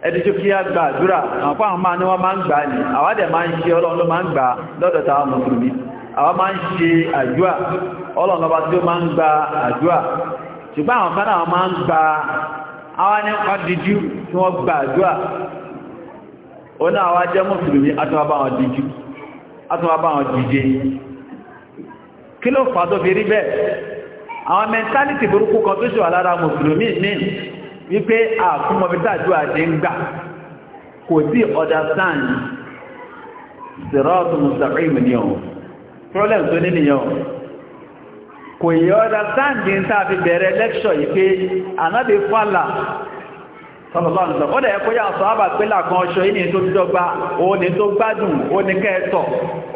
ẹdíjú kí á gba àdúrà àwọn àwọn máa ní wọ́n máa ń gbà ní àwádẹ̀ máa ń ṣe ọlọ́run ló máa ń gbà lọ́dọ̀ta àwọn mùsùlùmí àwọn máa ń ṣe àdúrà ọlọ́run lọ́ba tí ó máa ń gba àdúrà ṣùgbọ́n àwọn kan náà máa ń gba àwọn ní wọ́n díjú tí wọ́n gba àdúrà ó náà wá jẹ́ mùsùlùmí atúnwàbáwọn díjú atúnwàbáwọn díje kí ló fà tó fi rí bẹ́ẹ̀ àwọn mẹ́ntálítì burúkú kan tó ṣe wà lára mùsùlùmí míì wípé àkúmọ̀bítàjú àti ń gbà kò sí understand sirọ́tù mustaqim ni ọ̀ problem tó ní nìyàn kò yí understand ní tàbí bẹ̀rẹ̀ lecture yìí pé anábi fàlà sọ́lọ̀lọ́nà ó dẹ̀ kó yá sọ ábà pẹ́lá kan ọṣọ yìí ní tó dọ́gba òní tó gbádùn òní kẹ́ẹ̀tọ̀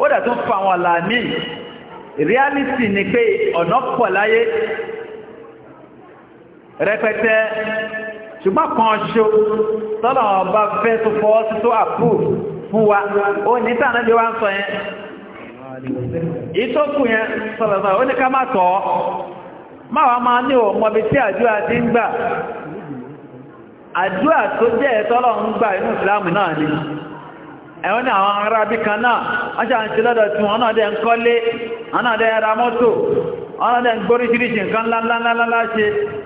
ó dẹ̀ tún fà wọn là ní reality ni pé ọ̀nà pọ̀ láyé rẹpẹtẹ ṣùgbọ́n kan ṣo tọ́nà ọba fẹ́ tó fọ́ sí tó approve fún wa ó ní tànà bí wá ń sọ yẹn ìtọ́kù yẹn sọ̀rọ̀sọ̀rọ̀ ó ní ká má tọ́ máa wá máa ní tí àjúwà ti ń gbà tó jẹ́ ń gbà kan náà wọ́n ṣe lọ́dọ̀ tí wọ́n náà dẹ̀ ń kọ́lé wọ́n náà dẹ̀ ra mọ́tò wọ́n náà dẹ̀ ń nǹkan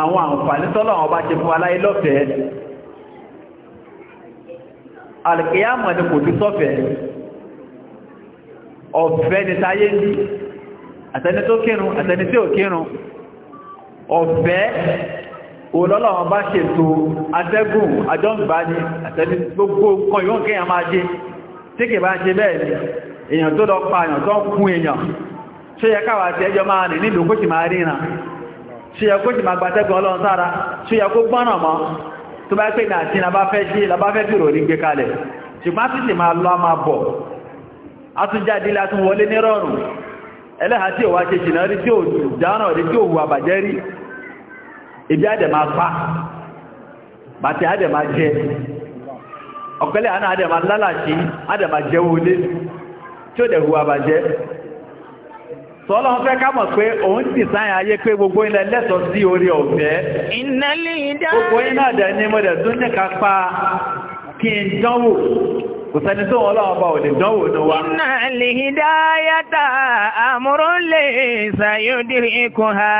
àwọn àǹfààní tọ́lọ̀ bá ṣe fún aláyé lọ́fẹ̀ẹ́ alìkìyàmọ̀ ni kò tí ọ̀fẹ́ ni táyé ní àtẹni tó kírun àtẹni tí ò kírun ọ̀fẹ́ olọ́lọ́ wọn bá ṣètò atẹ́gùn àjọ́ǹgbáni àtẹni gbogbo nǹkan yóò máa jẹ tí kì èèyàn tó lọ pa èèyàn tó kún èèyàn yẹ máa rìn nílùú kó sì máa ṣíyẹ kó jì máa gbàtẹ́gùn ọlọ́run sára ṣíyẹ kó gbọ́nà mọ́ tó bá pè náà tí na bá fẹ́ sí labá fẹ́ fìrò ní gbé kalẹ̀ ṣùgbọ́n tí sì ma lọ ma máa bọ̀ a tún jáde ilá wọlé ní rọrùn ẹlẹ́ha tí ò wá ṣe ṣìnà rí tí ibi pa ma Sọ́lọ́n fẹ́ ká mọ̀ pé òun ti sáyà ayé pé gbogbo ilẹ̀ lẹ́tọ̀ sí orí ọ̀fẹ́. Ìnàlẹ́ ìdá. Gbogbo iná dẹ̀ ni mo dẹ̀ tún ní kápá kí n dánwò kò sẹ́ni tó wọn lọ́wọ́ bá ò lè dánwò ní wa. iná lè dáyàtà àmúrò lè ṣàyòdì ikú ha.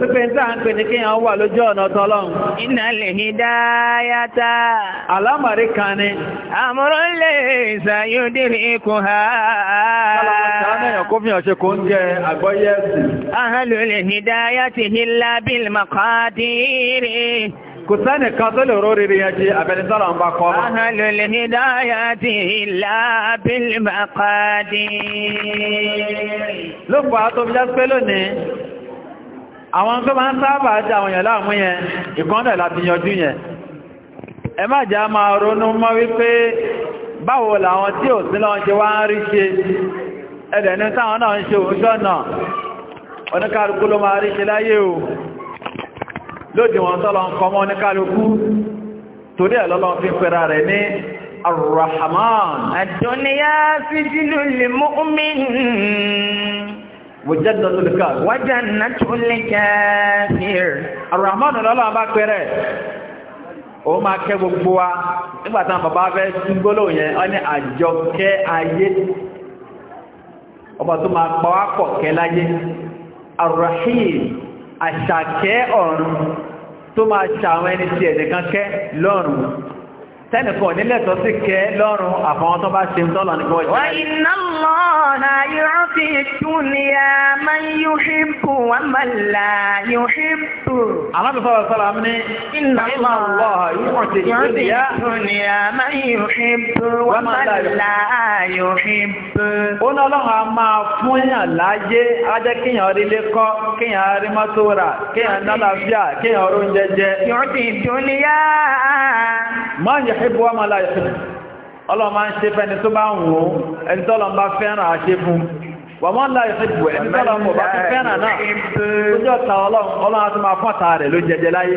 rípe tí a ń pè ní kí wọ́n wà lójú ọ̀nà tọ́lọ́run. iná lè dáyàtà. alámàrí kan ni. àmúrò lè ṣàyòdì ikú ha. Ahàlùlẹ̀ hìdáyàtì hìlá bíl màkàdìrì kò sẹ́nì kan tó lè rórí rí ẹjí àbẹnisọ́lọ̀ ń bá kọ́ mọ́. ahlul hidayati illa bil maqadir. ló fà á tó bí jásípé lónìí àwọn tó máa ń sábà jẹ́ àwọn èèyàn láàmú yẹn ìkọ́ndẹ̀ láti yanjú yẹn ẹ má jẹ́ máa ronú mọ́ wípé báwo làwọn tí ò sí lọ́wọ́n ṣe wá ń rí ṣe ẹ̀dẹ̀ ní táwọn náà ń ṣe òun ṣọ́nà oníkàrùkú ló máa rí ṣe láyé o lódì wọn tọ́lọ ń kọmọ ní kálukú torí ẹ̀lọ́lọ́ fi pẹ̀rà rẹ̀ ní arrahman àdúnyá síjílù lè mu'min wàjánà tó lè ká wàjánà tó lè kafir arrahman lọ́lọ́ bá pẹ̀rẹ̀ o ma kẹ́ gbogbo wa nígbàtán bàbá fẹ́ yẹn ayé ọba tó láyé arrahim àṣàkẹ́ ọ̀run tó máa ṣàwọn ẹni tí ẹ̀nìkan kẹ́ lọ́rùn tẹ́nìkan nílẹ̀tọ́ sí kẹ́ lọ́rùn àfọwọ́n tó bá ṣe ń tọ́lọ̀ nípa ọjọ́. wọ́n iná lọ na yóò fi dúnìyà máa ń yóò ṣe bù wọ́n máa là yóò ṣe bù. àmọ́ bí fọwọ́ sọ́la ní iná lọ yóò fi dúnìyà máa ń yóò ṣe bù wọ́n máa là ó ní ọlọ́run a máa fún yàn láyé á jẹ́ kéèyàn rílé kọ́ kéèyàn rí mọ́tò rà kéèyàn nálàáfíà kéèyàn róúnjẹ jẹ. yóò fi dúnìyà máa yẹ̀ ṣe bọ́ máa láyẹ̀ fún ọlọ́mà ń ṣe fẹ́ni tó bá ń wò ó ẹni tọ́lọ bá fẹ́ràn àṣẹ fún wà máa láyẹ̀ fún ìbò ẹni tọ́lọ bá ti fẹ́ràn náà tó jọ ta ọlọ́run àti máa fún ọ̀tá rẹ̀ ló jẹjẹ láyé.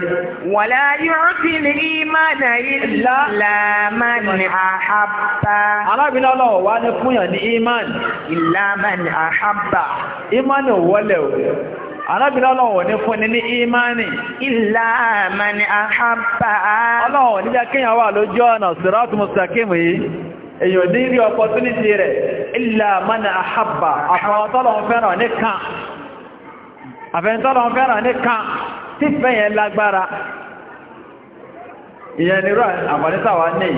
wàlá yóò fi lè rí máa nà ilá lámàní àhábà. alábìnrin ọlọ́wọ̀ wá ní fúnyàn ní imán. ìlàmàní àhábà. imán ò wọlé arábìnrin ọlọ́wọ̀ ní fún ní ní imani ìlàmà ni a hábà ọlọ́wọ̀ níjá kíyàn wà lójú ọ̀nà sírátù mùsàkímù yìí èyàn ní rí opportunity rẹ̀ ìlàmà ni a hábà àfẹ́ntọ́lọ́wọ̀n fẹ́ràn ní kan tí fẹ́yẹn lágbára ìyẹn ni rọ́ àmọ́nítàwà ní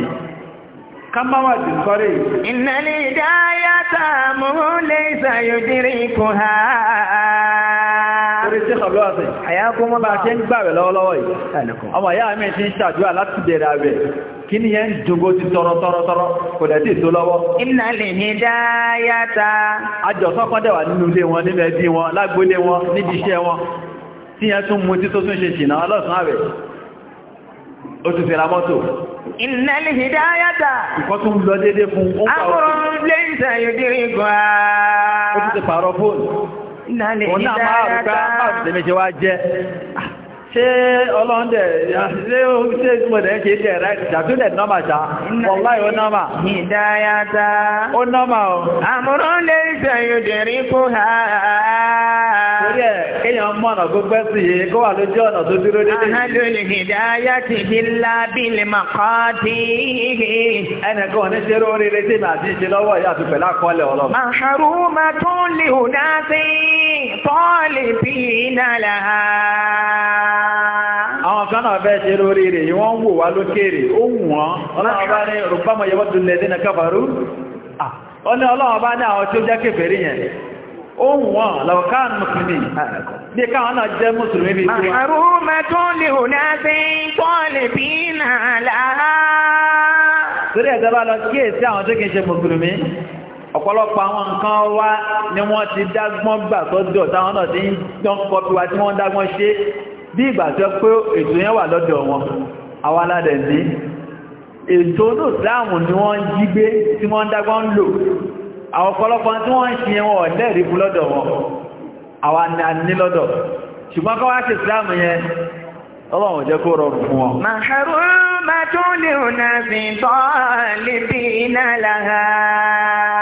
kama discourage. Innal hidayata mu laysa bá ṣe ń gbàwẹ̀ lọ́wọ́lọ́wọ́ yìí ọmọ ìyá mi ti ń ṣàdúrà láti bẹ̀rẹ̀ àwẹ̀ kí ni yẹn jogo ti tọrọ tọrọ tọrọ kò dẹ̀ tí tó lọ́wọ́ iná lè ní dáyàtà àjọ̀sọ́ kan dẹ̀wà nínú ilé wọn nílẹ̀ bí wọn lágbólé wọn níbi iṣẹ́ wọn tí yẹn tún mú tí tún ṣe ṣìnà ọlọ́sàn àwẹ̀ ó ti fẹ́ra mọ́tò. Innal hidayata. Ìkọ́ tún lọ dédé fún. Amrun laysa yudrikuha. Ó ti ti pààrọ̀ fóònù òun náà máa rò pé ah, báwo ṣe wá jẹ́ ṣé ọlọ́ndẹ̀ ṣé ó ṣe ìgbọ̀dẹ̀ ṣe jẹ́ rẹ̀ ṣàtúndẹ̀ nọ́mà ṣá wọ́nlá ìwọ nọ́mà ìdáyàtà ó nọ́mà o àmúrún lè ṣe ìdìrí kú ha torí ẹ̀ kéèyàn mọ̀nà gbogbo ẹ̀sìn yìí kó wà lójú ọ̀nà tó dúró dédé ahadùnì ìdáyà ti fi lábìlì màkọ́tì ẹnìkan ní ṣe rórí retí mà ti ṣe lọ́wọ́ ìyá àti pẹ̀lú àkọọ́lẹ̀ lè hùdá sí tọ́ọ̀lì bí nàlàá àwọn kan náà bẹ́ẹ̀ ṣe lórí rẹ̀ yí wọ́n wò wá lókèrè ó wù wọ́n ọlọ́wọ́ bá ní rùpámọ̀ yẹwọ́ dúnlẹ̀ dínà káfàrú ọlọ́ ọlọ́wọ́ ní àwọn tí ó jẹ́ kéfèrí yẹn ó wọ́n lọ́kàn mùsùlùmí ọ̀pọ̀lọpọ̀ àwọn nǹkan wá ni wọ́n ti dágbọ́n gbà tó dọ̀ náà ti ń dán kọpí wa tí wọ́n dágbọ́n ṣe bí ìgbà tó pé ètò yẹn wà lọ́dọ̀ wọn àwọn aládẹ̀ ní ètò olóòsìláàmù ni wọ́n ń jí gbé tí wọ́n ń dágbọ́n ń lò àwọn ọ̀pọ̀lọpọ̀ tí wọ́n ń ṣe wọn lẹ́rìí fún lọ́dọ̀ wọn àwọn ní ṣùgbọ́n kọ́wàá sí ìsìláàmù yẹn ọlọ́run jẹ́ kó rọrùn fún wọn. màhàrú màtó lè nà sí bọ́ọ̀lì bí iná lára.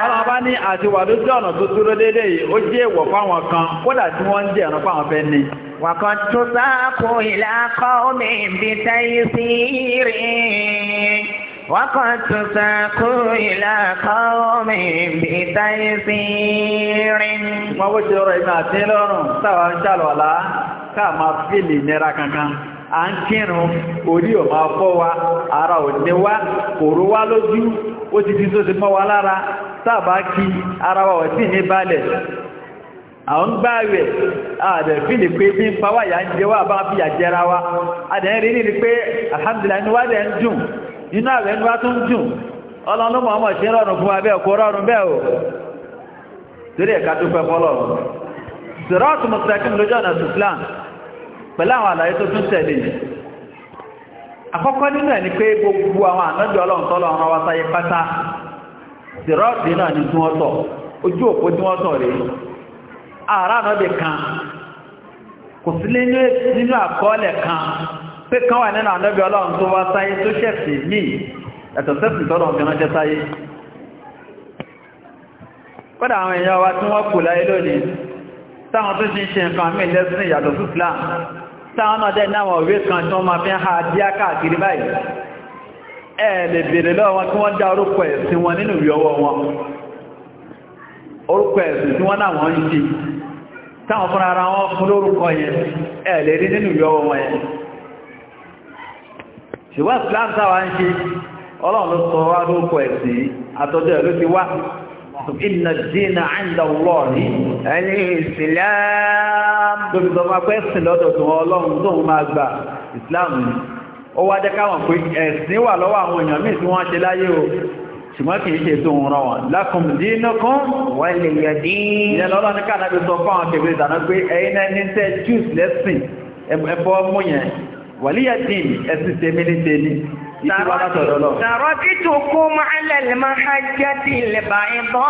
ọlọ́run bá ní àti wà lójú ọ̀nà tó dúró déédé yìí ó jẹ́ èèwọ̀ fáwọn kan kódà tí wọ́n ń jẹ́ ẹ̀rọ fáwọn fẹ́ ni. wàkàn tó sáàpù ìlà mi bí táyé sí rí. wàkàn tó sáàpù ìlà kọ́ mi bí táyé sí wọ́n bó rọ ìmọ̀ àti ńlọrùn táwa ń ṣàlọ́lá káà máa fílì nira kankan. à orí ò máa wa ara ò ní wá kòró wá lójú ó ti fi tó ti mọ́ wa lára sábà kí ara wa ò ní balẹ̀ àwọn gbá rẹ̀ ààrẹ̀ fi lè pé bí ń pa wáyà ń jẹ wá bá fi àjẹra wa rí ní pé alhamdulillah inú ń dùn àwẹ̀ ń wá tó ń dùn ọlọ́run o torí ẹ̀ka tó fẹ́ sọ̀rọ̀ ọ̀tún pẹ̀lú àwọn àlàyé tó tún tẹ̀lé yìí àkọ́kọ́ nínú ni pé gbogbo àwọn ànájọ́ ọlọ́run ọ̀rọ̀ wata sáyé pátá sírọ́ọ̀tì náà ọtọ tí wọ́n tọ̀ ojú òpó tí wọ́n tọ̀ rèé ààrá ànábì kan kò sí nínú àkọọ́lẹ̀ kan pé kan wà nínú ànábì ọlọ́run tó ẹ̀tọ̀ táwọn náà dẹ̀ náwọn òwe kan tí wọ́n fi ha díá káàkiri báyìí ẹ lè bèèrè lọ́wọ́ kí wọ́n dá orúkọ ẹ̀sìn wọn nínú ìwé ọwọ́ wọn orúkọ ẹ̀sìn tí wọ́n náà wọ́n ń ṣe táwọn fúnra ara wọn fún lórúkọ yẹn ẹ lè rí nínú ìwé ọwọ́ wọn yẹn ṣùgbọ́n ìsìláàmù inna dina inda Allahi al-Islam tóbi tó máa إسلام. sìn lọ́dọ̀ tó wọn ọlọ́run tó máa gba islam ni ó wá jẹ́ káwọn pé ẹ̀sìn wà lọ́wọ́ àwọn èèyàn míì tí wọ́n ṣe láyé o ṣùgbọ́n kìí ṣe tó ń rán wọn lakum dinukum waliya din ìyẹn lọ́lọ́ ní káàdàbí sọ fún àwọn kèfèrè ìdáná pé ẹ̀yin náà ní tẹ́ jùs lẹ́sìn ẹ̀bọ́ mú yẹn waliya din ẹ̀sìn tèmi ní tèmi Ìtí wá látọ̀dọ̀ lọ. Tàrọ títù kú máa lẹ̀lẹ̀ máa ha jẹ́ ti ilẹ̀ báyìí bọ́.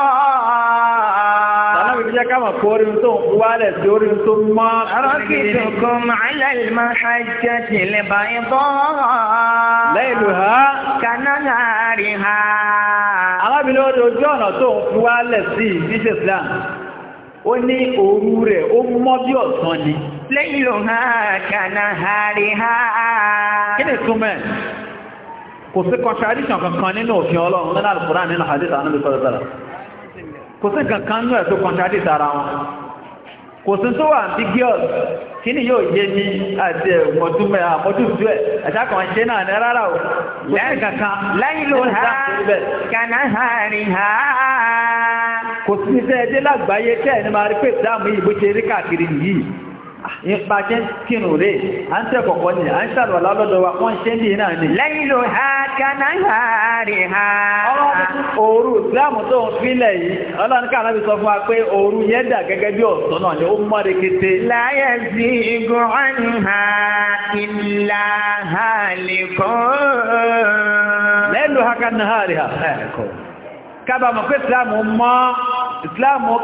Tàrọ títù jẹ́ káàmà kó orí tó ń wálẹ̀ sí orí tó mọ́. Tàrọ títù kú máa lẹ̀lẹ̀ máa ha jẹ́ ti ilẹ̀ báyìí bọ́. Lẹ́ìlú ha. Kanáà rí ha. Alábìnrin ó dojú ọ̀nà tó ń fi wálẹ̀ sí ìdíṣẹ́ kò sí contradiction kankan nínú òfin ọlọ́run nínú alùpùrá nínú hadith anábi sọ́dọ̀tọ́lá kò sí kankan nínú ẹ̀tọ́ contradict ara wọn kò sí tó wà ambiguous kí ni yóò yé ní àti ẹ̀mọ̀dúnmẹ́ àmọ́dúnjú ẹ̀ àtàkàn ṣe náà ní rárá o lẹ́yìn kankan lẹ́yìn ló ha kàná ha rí ha kò sí tẹ́ ẹdẹ́ lágbàáyé tẹ́ ẹ̀ ní ipa jẹ́ kírùn rẹ̀ a ń tẹ́ ní a ń ṣàlọ̀ lálọ́dọ̀ wa wọ́n ṣe ń dì ni lẹ́yìnlò ha kaná ha rí ha òru ìsìláàmù tó ń fílẹ̀ yìí ọlọ́nìkà láti sọ fún wa pé òru yẹn dà gẹ́gẹ́ bí ọ̀sán náà ha ha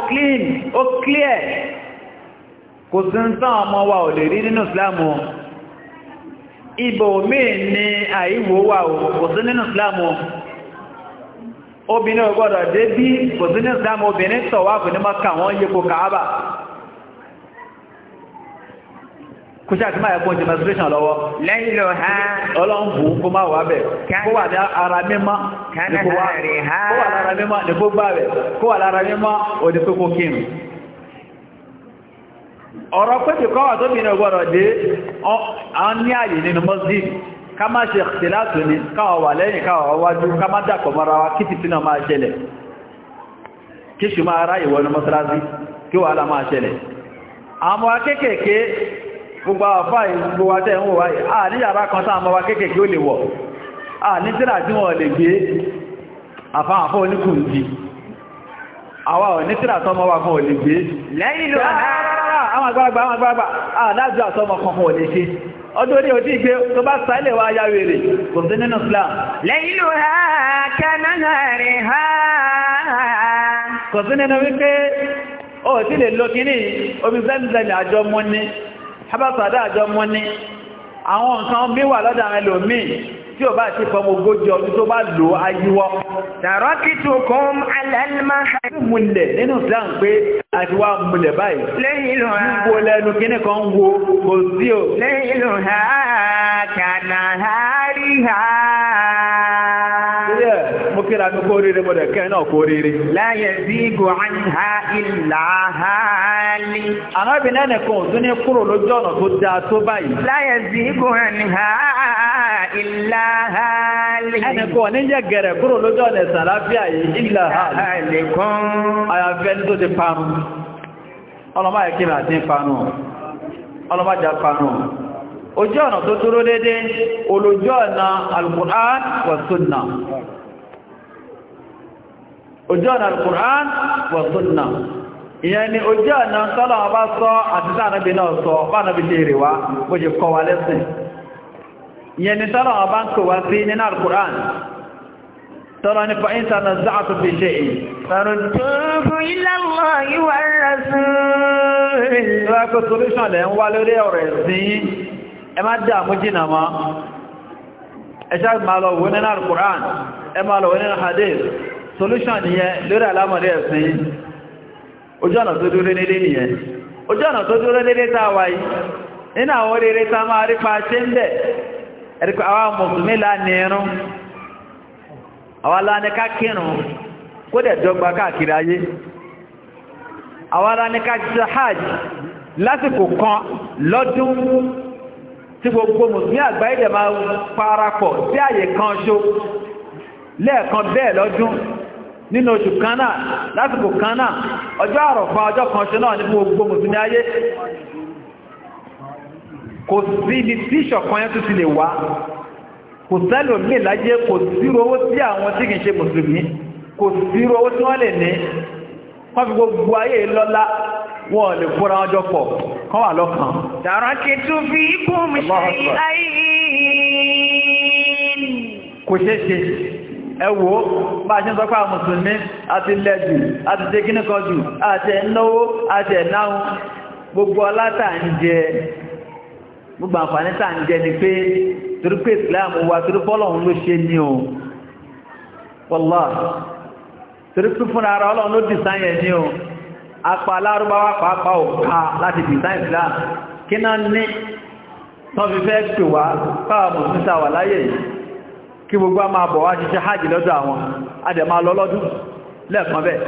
clean clear kò sí ń tán ọmọ wa ò lè rí nínú ìsìláàmù ibò míì ni àìwò wà kò sí nínú ìsìláàmù obìnrin ò dé bí kò sí nínú ìsìláàmù obìnrin tọ̀ wá kò ní mọ́ ká wọ́n yípo kàábà kò sí àtìmáyà demonstration lọ́wọ́ lẹ́yìn lọ ha ọ̀rọ̀ pẹ́bì kọ́ wà tó bí ọgbọ̀rọ̀ dé àwọn ní ààyè nínú mọ́sílì ká má ṣe látò ní káwà wà lẹ́yìn káwà wájú ká má dàpọ̀ mọ́ra wa kí tìtìnà máa ṣẹlẹ̀ kí ṣù máa ráyè wọnú mọ́sálásí kí wà lá àwa ò ní tíra tọ́mọ wa kan ò lè gbé lẹ́yìn lọ àwọn àgbàgbà àwọn àgbàgbà àdájú àtọ́mọ kankan ò lè ṣe ọdún orí òtí ìgbé tó bá sáìlẹ̀ wa ya wèrè kò sí nínú Islam lẹ́yìn lọ ha kánáhàrí ha kò sí nínú wípé ó ti lè lo kíní omi zẹ́mìzẹ́mì àjọ mọ́ni habasada àjọ mọ́ni àwọn nǹkan bí wà lọ́dọ̀ àwọn ẹlòmíì tí o bá ti fọmọ ogójì ọdún tó bá lò ayíwọ́. tàrọ́kìtù kan alálùmá múlẹ̀ nínú islam pé àti múlẹ̀ báyìí. lẹ́yìn ha wíwo lẹ́nu kíní kan wo kò sí o. lẹ́yìn ló ha mi kó rere mo kẹ́ náà kó rere. láyé sí gòhán ha ìlà ha ní. arábìnrin ẹnìkan ò ní kúrò lójú ọ̀nà tó dáa tó báyìí. láyé sí gòhán ha ìlà hàlì. ẹnìkan ní yẹ gẹrẹ kúrò lójú ọ̀nà ẹ̀sìn yìí ìlà hàlì àyàfẹ́ ní tó ti parun ọlọ́mọ àyẹ̀kí àti ìpanu ọlọ́mọ àjà panu ojú ọ̀nà tó dúró dédé olójú ọ̀nà al-Qur'an wa sunnah ojú ọ̀nà al-Qur'an wa ìyẹn ni ojú ọ̀nà tọ́lọ̀ ọba sọ àti náà sọ bó ṣe lẹ́sìn ìyẹn ni tọ́rọ ọba ń kò wá sí nínú alkùrán tọ́rọ ní fa ìsà na za'a tó fi ṣe èyí farudduhu ila Allahi wa rasul ìwákò solúṣàn lẹ́ ń wá lórí ọ̀rọ̀ ẹ̀sìn ẹ má dá mú jìnà mọ́ ẹ̀ṣà máa lọ wọ nínú alkùrán ẹ máa lọ wọ nínú hadith solúṣàn nìyẹn lórí alámọ̀rí ẹ̀sìn ojú ọ̀nà tó dúró nílé nìyẹn ojú ọ̀nà tó dúró nílé táwa yìí nínú àwọn oríire tá máa rí pa ṣe ń bẹ̀ ẹ̀rí pé àwọn mùsùlùmí lánìírún àwọn aláníká kírùn kó dẹ̀ dọ́gba káàkiri ayé àwọn aláníká ṣe hajj lásìkò kan lọ́dún tí gbogbo mùsùlùmí àgbáyé dẹ̀ máa parapọ̀ sí àyè kan ṣo lẹ́ẹ̀kan bẹ́ẹ̀ lọ́dún nínú oṣù kan náà lásìkò kan náà ọjọ́ àrọ̀fà ọjọ́ kan ṣe náà ní gbogbo mùsùlùmí ayé kò sí ibi tí ìṣọ̀kan yẹn tún ti lè wá kò sẹ́lò lè láyé kò sírò owó tí àwọn tí kìí ṣe mùsùlùmí kò sírò owó tí wọ́n lè ní wọ́n fi gbogbo ayé lọ́lá wọ́n lè fúra ọjọ́ pọ̀ kán wà lọ́kàn. dàrákì tún fi ikú ṣe ṣe ẹ bá ṣe ń sọ pé àwọn mùsùlùmí àti lẹ́jù àti ṣe kíníkan jù àti ẹ̀ náwó àti ẹ̀ náà gbogbo ọlátà ń jẹ gbogbo àǹfààní tá à ń jẹ ni pé torí pé ìsìláàmù wa torí bọ́lọ̀hún ló ṣe o wallahi torí pé fúnra ara ọlọ́run ló dìsáyẹ̀ ní o apá alárúbáwá pàápàá ò láti dìsáyẹ̀ kí náà ní tán fi fẹ́ pè wá láyé kí gbogbo a máa bọ̀ wá ṣiṣẹ́ hajj lọ́dọ̀ àwọn lọ́lọ́dún lẹ́ẹ̀kan bẹ́ẹ̀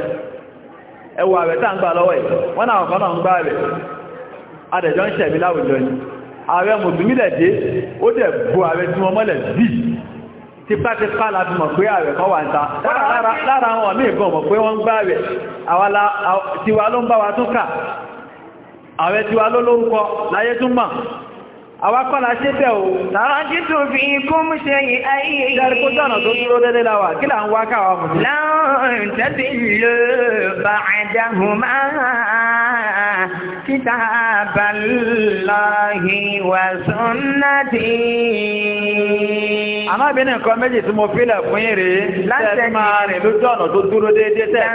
ẹwà rẹ̀ tá ń gbà lọ́wọ́ ẹ̀ wọ́n náà kan náà ń gbà rẹ̀ ń ṣẹ̀mí láwùjọ ààrẹ mùsùlùmí lẹ̀dé ó dẹ̀ bú ààrẹ tí wọ́n mọ́lẹ̀ bí tipátipá láti mọ̀ pé ààrẹ kan wà ń ta lára àwọn àmì ìgbọ̀n mọ̀ pé wọ́n ń gbá tiwa ló ń bá wa tún kà ààrẹ tiwa ló lórúkọ láyé tún mọ̀ àwa kọ́lá ṣe bẹ̀ o tààrà jí tó fi kún mú ṣe yìí ayé ìjẹ́rí tó dúró dédé láwà kí là ń wá káwà mú sí. láwọn tẹ́tí ló bá àdáhùn máa kíta balọ́hì wà sunnati. àmábìnrin nǹkan méjì tí mo fílẹ̀ fún yín rèé tẹ́ẹ̀ máa rìn lójú ọ̀nà tó dúró dédé tẹ́ẹ̀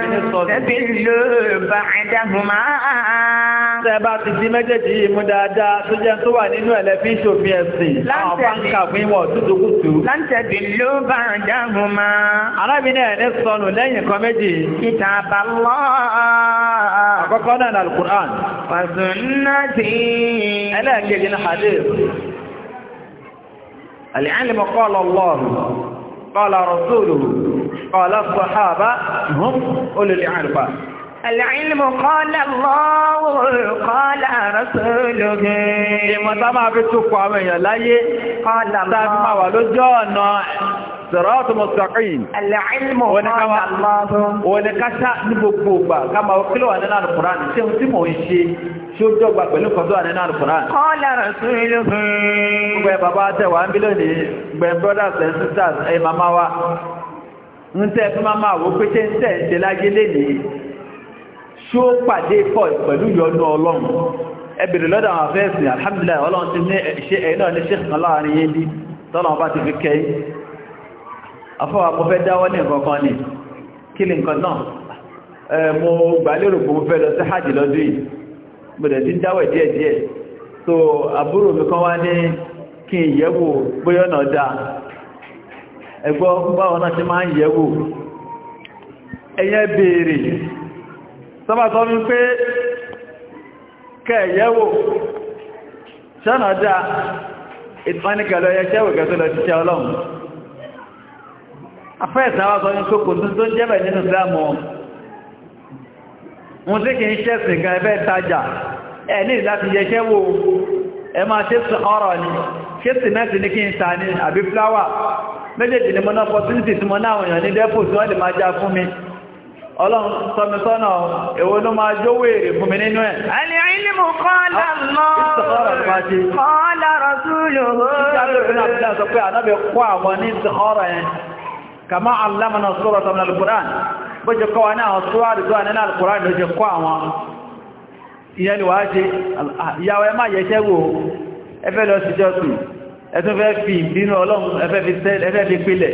lẹ fi ń ṣòfin ẹ̀sìn àwọn bá ń kà fún ìwọ̀ tútùkùtù. láǹtẹ̀bí ló bá ń dáhùn máa. arábìnrin ẹ̀ ní sọnù lẹ́yìn kan méjì. kìtàbà Allah. àkọ́kọ́ náà ní alukur'an. wa sunnati. ẹlẹ́ẹ̀kejì ní hadith. al-ilmu qala Allah qala rasuluhu qala as-sahaba hum ulul 'ilm. Àlàílmù kọ́lá lọ́wọ́ kọ́lá rọ́sọ́lọ́gẹ́. Ìmọ̀ tá máa fi tukọ̀ àwọn èèyàn láyé, kọ́lá lọ́wọ́. Tá fi máa wà lójọ́ ọ̀nà siratu mustaqim al-ilmu qala Allah wa la kasha ni gbogbo gba kama okilo wa nínú al-Qur'an ṣe tí mo nse ṣe o dọ́gba pẹ̀lú kan tó wà nínú al-Qur'an qala rasuluhu gbe bàbá te wa nbi lónìí gbe brothers and sisters e mama wa nte fi mama wo pe se nte se lagele ni tí ó pàdé pọ̀ pẹ̀lú yọnú ọlọ́run ẹbèrè lọ́dọ̀ àwọn afẹ́ẹ̀sìn alhamdulillah ọlọ́run ti ní ṣe ẹ̀nà ní ṣe kan láàrin yé bí tọ́lọ̀ bá ti fi kẹ́ afọ́wà mo fẹ́ dáwọ́ ní nǹkan ni kí nǹkan náà mo gbà lérò kan ní kí n náà dáa ti máa ń yẹ̀wò ẹ̀yẹ́ sọ́bà sọ mi pé kẹ́ẹ̀yẹ́wò ṣọ́nà dá ìtànìkẹ̀lọ ẹyẹṣẹ́wò kẹ́tọ́ lọ ṣiṣẹ́ ọlọ́run afẹ́ẹ̀sán wá sọ ní kókò tó tó jẹ́bẹ̀ nínú ìsìlámù wọn tí kì í ṣẹ́sìn gan ẹbẹ́ tajà ní ni ṣe tìmẹ́tì ní kí n ta ní àbí fláwà méjèèjì ni mo náà pọ̀ tí mo náà wọ̀nyàn ní dẹ́pò tí wọ́n lè máa já fún mi ọlọ́run sọmi sọ́nà èwo ló máa jó wèrè fún mi nínú ẹ̀. alìrìnlẹ́mù kọ́lá mọ́ kọ́lá rọ̀súlù kama alamana sọ́rọ̀ sọmọ alìkùrán bó jẹ kọwa náà sọ́rọ̀ àdìsọ́ nínú alìkùrán ló jẹ kọ́ àwọn ìyẹn ni wàá ṣe ìyàwó ẹ má fi ìbínú ọlọ́run fi pílẹ̀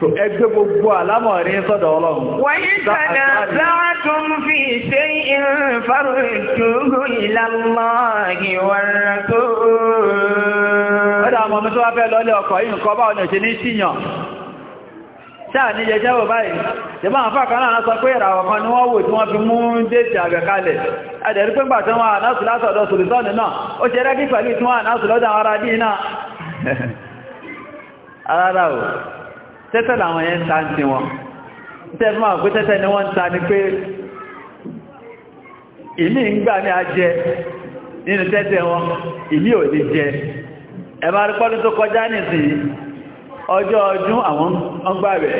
So ẹgbẹ́ gbogbo àlámọ̀ rí sọ́dọ̀ ọlọ́run. Wàyí tàdà látún fi ṣe ìfàrùtúrù ìlàláàgì wàrà tó. Ọdá ọmọ mi tó wá fẹ́ lọ́lé ọkọ̀ yìí nǹkan bá ọ̀nà Ẹ̀dẹ̀rí pé gbà tí ànásù látọ̀dọ̀ *laughs* tẹ́tẹ́ làwọn yẹn ta ń ti wọn tẹ́tẹ́ máa pé tẹ́tẹ́ ni wọ́n ń ta ni pé ìmí ń gbà ní jẹ ẹ̀bá rípọ́dún tó kọjá ọjọọ ọjọ́ ọdún àwọn ọgbà rẹ̀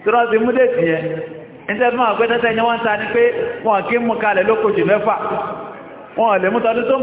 tí wọ́n ti mú dèsì yẹn ìtẹ́tẹ́ máa pé ni wọ́n ń ta pé wọ́n kí mú kalẹ̀ mẹ́fà wọ́n lè mú tọdún tó ń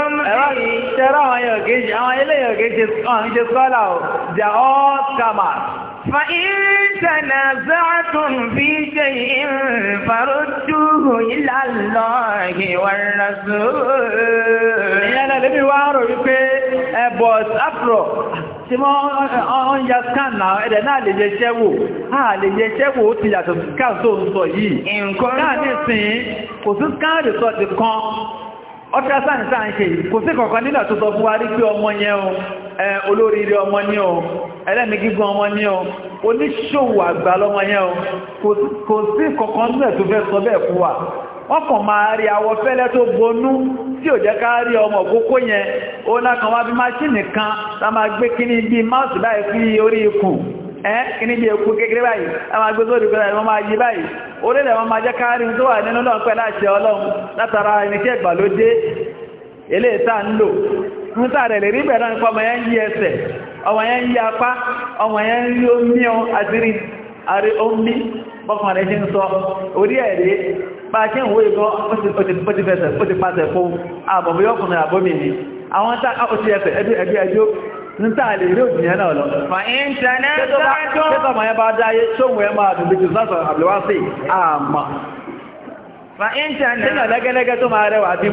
yìí tẹ́rọ àwọn ẹlẹ́yìn òkèjì ọ̀hún ṣe sọ́là ò jẹ́ all scammers. فإن تنازعتم في شيء فردوه إلى الله والرسول. ìyẹn náà lébi wá rò wípé ẹ̀bọ̀ afro tí wọ́n ń ya scan náà ẹ̀dẹ̀ náà lè yẹ iṣẹ́ wò a lè yẹ iṣẹ́ wò ó ti yàtọ̀ scan tó ń sọ yìí ultrasound sáà ń ṣe kò sí kọ̀kan nílà tó sọ fún wa rí pé ọmọ yẹn o olóríire ọmọ ní o ẹlẹ́mìí gígùn ọmọ ní o oníṣòwò àgbà lọ́mọ yẹn o kò sí kọ̀kan nílẹ̀ tó fẹ́ sọ bẹ́ẹ̀ fún wa wọ́n kàn máa rí awọ fẹ́lẹ́ tó bonú tí ò jẹ́ ká rí ọmọ kókó yẹn ó lákan wá bí máṣínì kan tá máa gbé kíní bíi máàsì láì fi orí ikùn ẹ́ kìí jẹ òkú kékeré báyìí a máa gbé pẹ̀lú àwọn máa yí báyìí orílẹ̀ wọn máa jẹ́ káàrí tó wà nínú náà pẹ̀lú àṣẹ ọlọ́run látara irinṣẹ́ ìgbàlódé eléta ń lò ń sàrẹ̀ lè rí bẹ̀rẹ̀ nípa ọmọ yẹn yí ẹsẹ̀ ọmọ yẹn yí apá omi ọ àrí omi ṣe ń sọ orí pàṣẹ níta lè rí òjìyàn náà lọ. Tẹ́tọ́ ma yẹ bá dáyé ṣóhun ẹ máa dùn bí jù sásọ̀ àbúlọ́wásí àmà. Tẹ́nà lẹ́gẹ́lẹ́gẹ́ tó máa rẹwà bí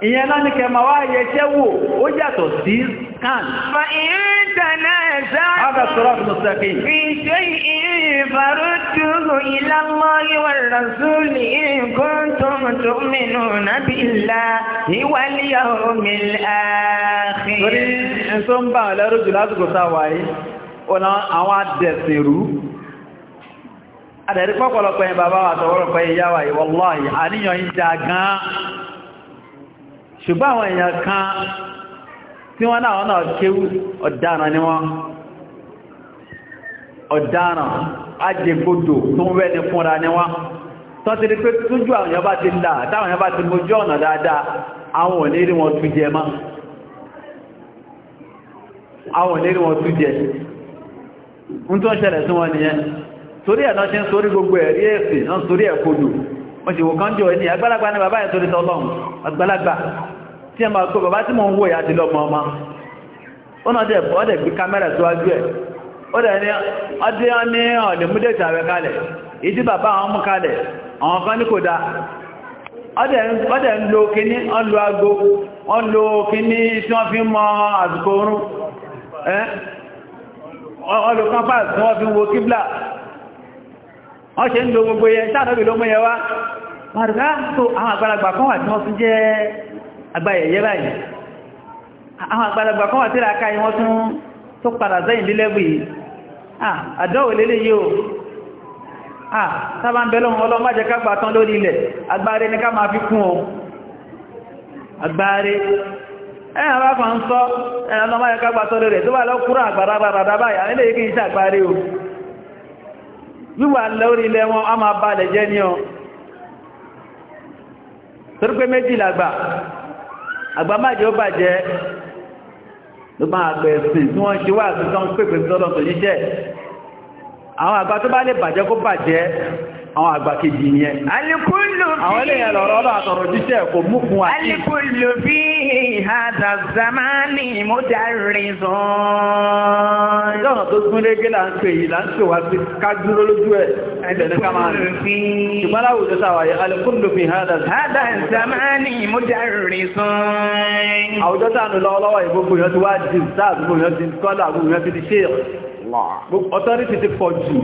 ìyẹn náà ní kẹma wá yẹṣẹ́ wò ó yàtọ̀ sí scan. fa ìrìntànà ẹ̀sáàtọ̀ ọ̀gá sọ́rọ̀ ọ̀gbọ̀n mustaqim. fi ṣe ìfarútùrù ilallahi war rasuli in kuntum tu'minuna billahi wal yawmil akhir. torí ẹ̀sọ́ ń bá adẹ̀rí pọ́pọ̀lọpọ̀ yẹn bàbá wa tọ̀wọ́lọpọ̀ yẹn yáwà yìí wallahi àníyàn yìí já gan-an ṣùgbọ́n àwọn èèyàn kan tí wọ́n náà náà kéwú ọ̀daràn ni wọ́n ọ̀daràn ajẹ́gbodò tó ń wẹ́ni fúnra ni wọ́n tó ti rí pé àwọn èèyàn bá ti là táwọn èèyàn bá ti mójú ọ̀nà dáadáa wọ́n ṣe wò kán jọ ẹni àgbàlagbà ní bàbá ìtorí tọ́lọ́run àgbàlagbà tí a máa kó bàbá tí mo ń wò ìyá ti lọ́mọ ọmọ ọ̀nà ọdẹ ọdẹ gbé kámẹ́rà síwájú ẹ̀ ọdẹ ní ọdẹ ní ọ̀lẹ̀ múdẹ̀tì àwẹ̀ kalẹ̀ ìdí bàbá àwọn mú kalẹ̀ àwọn kan ní kò dá wọ́n fi mọ àsìkò wọ́n ṣe ń lo gbogbo yẹn sáàdọ́bì ló mú yẹ wá wọ́n rẹ̀ tó ah, àwọn àgbàlagbà kan wà tí wọ́n tún jẹ́ agbáyẹ̀yẹ́ báyìí àwọn àgbàlagbà kan wà tí ra káyí wọ́n tún tó padà sẹ́yìn lílẹ́gbì yìí ah, àdọ́wò o ah, lórí o wíwà lórí ilẹ̀ wọn a máa bá lẹ̀ jẹ́ ní ọ torí pé méjì làgbà àgbà májẹ̀ ó bàjẹ́ ló máa gbẹ̀ ẹ̀sìn tí wọ́n ṣe wà àti tán pèpè sọ́dọ̀ tó yíṣẹ́ àwọn àgbà tó bá lè bàjẹ́ kó bàjẹ́ àwọn àgbàkejì ni ẹ. alikulu fi àwọn ènìyàn lọ́rọ̀ ọ̀rọ̀ àtọ̀rọ̀ jíṣẹ́ kò mú fún wa. alikulu fi hada zamani mudarrizun. lọ́nà tó gún régé là ń pè yìí là ń pè wá sí ká dúró lójú ẹ̀ ẹ̀dẹ̀ni ká alikulu fi hada zamani mudarrizun. àwùjọ sáà nù lọ́wọ́lọ́wọ́ ìgbógbó yẹn ti wá di sáà gbogbo yẹn ti kọ́lá gbogbo yẹn ti di ṣe ọ̀tọ́rítì ti pọ̀ jù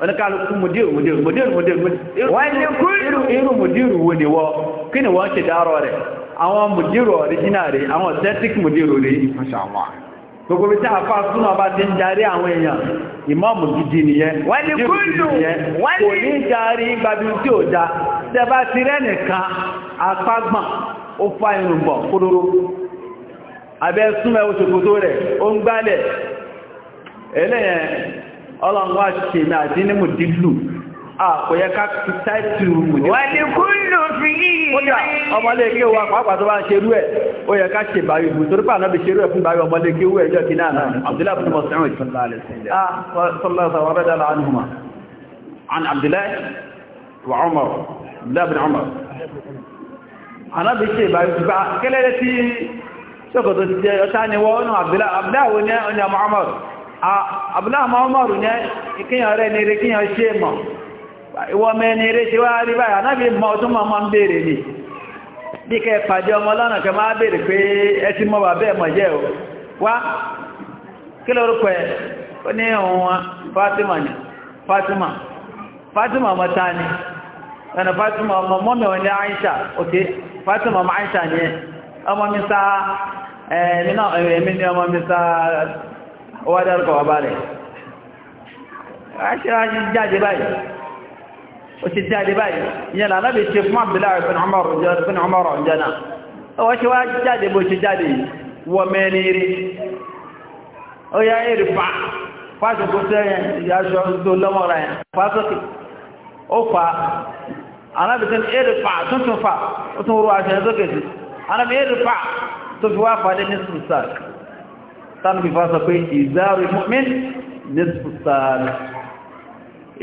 wọ́n ka lókú mudiru mudiru mudiru mudiru wọ́n ní kú irú mùdíru wo ni wọ́ kí ni Awọn ṣe dárọ̀ original rẹ̀ àwọn authentic mùdíru rẹ̀ gbogbo bí tí a fa súnmọ́ bá ti ń darí àwọn gidi nìyẹn wọ́n ní kúndùn ọlọ́run wá ṣe mi àti ní mò dílù àkòyẹ ká fi táìtù mù ní wàlíkúlù fi ìrìn ọmọléèké wa pàápàá tó bá ń ṣe rú ẹ̀ ó yẹ ká ṣe báyìí bù torípà náà bí ṣe rú ẹ̀ fún báyìí ọmọléèké wú ẹjọ́ kí náà náà abdullahi bin mas'ud sallallahu alaihi wa sallam anhuma an abdullahi wa umar abdullahi bin umar anábi ṣe báyìí gbà kẹ́lẹ́lẹ́ tí ṣọ́kọ̀ tó ti jẹ́ ọ̀tá ni wọ́n abdullahi wo ni ọ̀nà muhammad àbúláàmà ọmọrù ní ìkíyàn rẹ̀ ní eré kíyàn ṣe mọ̀ ìwọ mẹ́ ní ṣe wá rí fi mọ́ ọdún mọ́ ń bèèrè ní bí kẹ pàdé ọmọ lọ́nà kẹ máa bèèrè pé ẹ ti mọ́ bàbẹ́ mọ̀ jẹ́ wá kí lórúkọ ó ní ohun Fatima Fatima Fatima wọn ní Fatima Aisha ni ó wá dárúkọ wá balẹ̀ aṣíra ṣe jáde báyìí ó ṣe jáde báyìí ìyẹn lànà bí ṣe fún Abdullahi bin Umar bin Umar ọ̀jọ́nà ó wá ṣe wá jáde bó ṣe jáde wọ mẹ́rin rí ó yá èrè fa fásitì sẹ́yìn ìyáṣọ́ tó lọ́mọ́ra yẹn fásitì ó fa anábìtẹ́ èrè fa tuntun fa ó tún rú aṣẹ́ sókè sí anábì èrè fa tó fi wá fàdé ní sùsàkì tánà bí fásọ pé ìzáàrí mọ́mín ní sàárì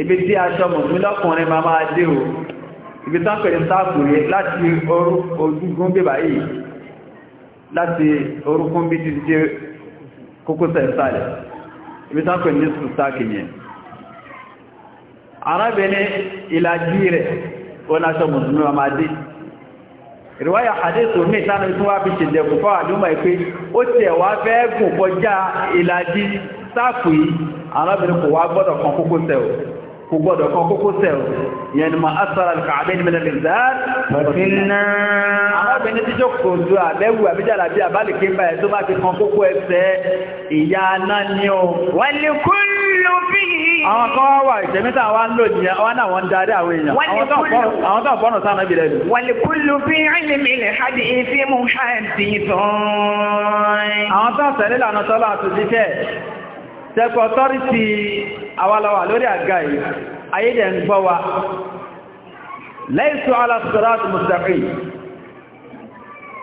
ibi tí aṣọ mọ̀mí lọ́kùnrin ma máa dé o ibi tánkọ̀ ní sáàkùnrin láti ojúgún bèbà yìí láti orúkún bí títí jẹ́ kókósẹ̀ sàárì ibi tánkọ̀ ní sàárì yẹn arábìnrin ìlàjí rẹ̀ ó náṣọ mọ̀mí ma máa dé ìrìwáyà hadith omi ìtànà tún wá fi ṣèjẹ̀kù fáwà lúmọ̀ ìpé ó tiẹ̀ wá fẹ́ gùn kọjá ìlàjì sáàfù yìí arábìnrin kò wá gbọ́dọ̀ kan kókó tẹ̀wọ̀ kò gbọ́dọ̀ kan kókó tẹ̀wọ̀ yẹn Àwọn kan wà ìtẹ̀mítà wa ń lò ní àwọn náà wọ́n darí àwọn èèyàn. Àwọn tó bọ́nà sáà náà bìrẹ̀ lù. Wàlìkúlù fi ìlìmì lè hajì ìfí mú hajì tán. Àwọn tó tẹ̀lé lànà tọ́lá àti jíṣẹ́. Tẹ́kọ̀ tọ́rí ti àwàlọ́wà lórí àga yìí, ayédẹ̀ ń gbọ́ wa. Lẹ́yìn ala sirat mustaqim.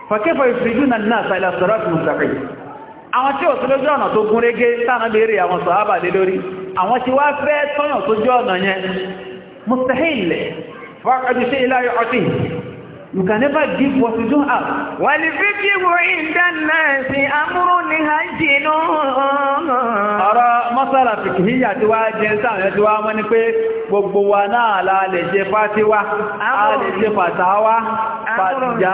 Fa kayfa yukhrijuna an-nasa ila sirat mustaqim àwọn tí ò sí lójú ọ̀nà tó gún régé tánà lérí àwọn sọ̀hábà lé lórí àwọn tí wá fẹ́ tọ́yàn tó jọ ọ̀nà yẹn mustahil faqad shay la you can never give what you don't have wal fiqhu inda an-nas amrun hajinun ọ̀rọ̀ masala fiqhiyya tí wá jẹ́ sáàrẹ́ tí wá mọ́ ní pé gbogbo wa náà la lè ṣe fátíwá a lè ṣe fàtàwá fàtíjá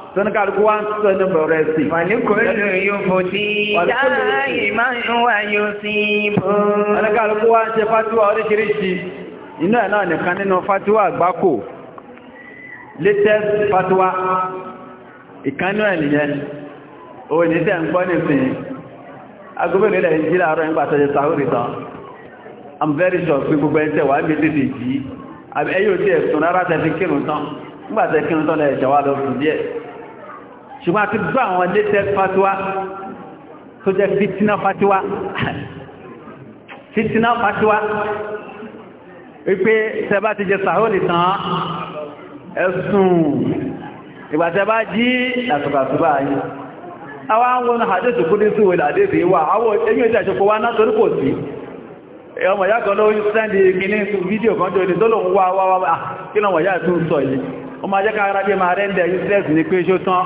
tónúkàlùkù wá ń sọ ní bọ̀rẹ̀ sí. Wàlúkòlù yóò fò sí nìkan nínú fatuwa àgbákò. Latest fatuwa Ìkánú ẹ̀ nìyẹn. ní tẹ̀ ń gbọ́ nísìnyí. Agbóbìnrin ilẹ̀ ń láàárọ̀ nígbà tó ṣe tán. I'm very sure pé gbogbo ẹni tẹ̀ wá ń gbé tètè tí ẹ̀ rárá fi tán. tán lọ díẹ̀. ṣùgbọ́n àti gbọ́ àwọn latest fatiwa tó jẹ́ fitina fatiwa fitina fatiwa wípé tẹba ti jẹ sàhóòlì tán ẹ̀sùn ìgbà tẹba jí àtùkàtùbà yìí àwọn àwọn àdéṣù kúrò sí ìwòlà àdéṣù ìwà àwọn ẹ̀yìn ìjà ìṣòkò wá náà torí kò sí ọmọ ìyá kan lórí sẹ́ndì kìíní fídíò kan jọ ní tó lòun wá wá wá ah, kí lọ wọ̀nyá ìtún sọ yìí ọmọ ajẹ́kà ara bí ma rẹ́ndẹ̀ useless ní pé ṣó tán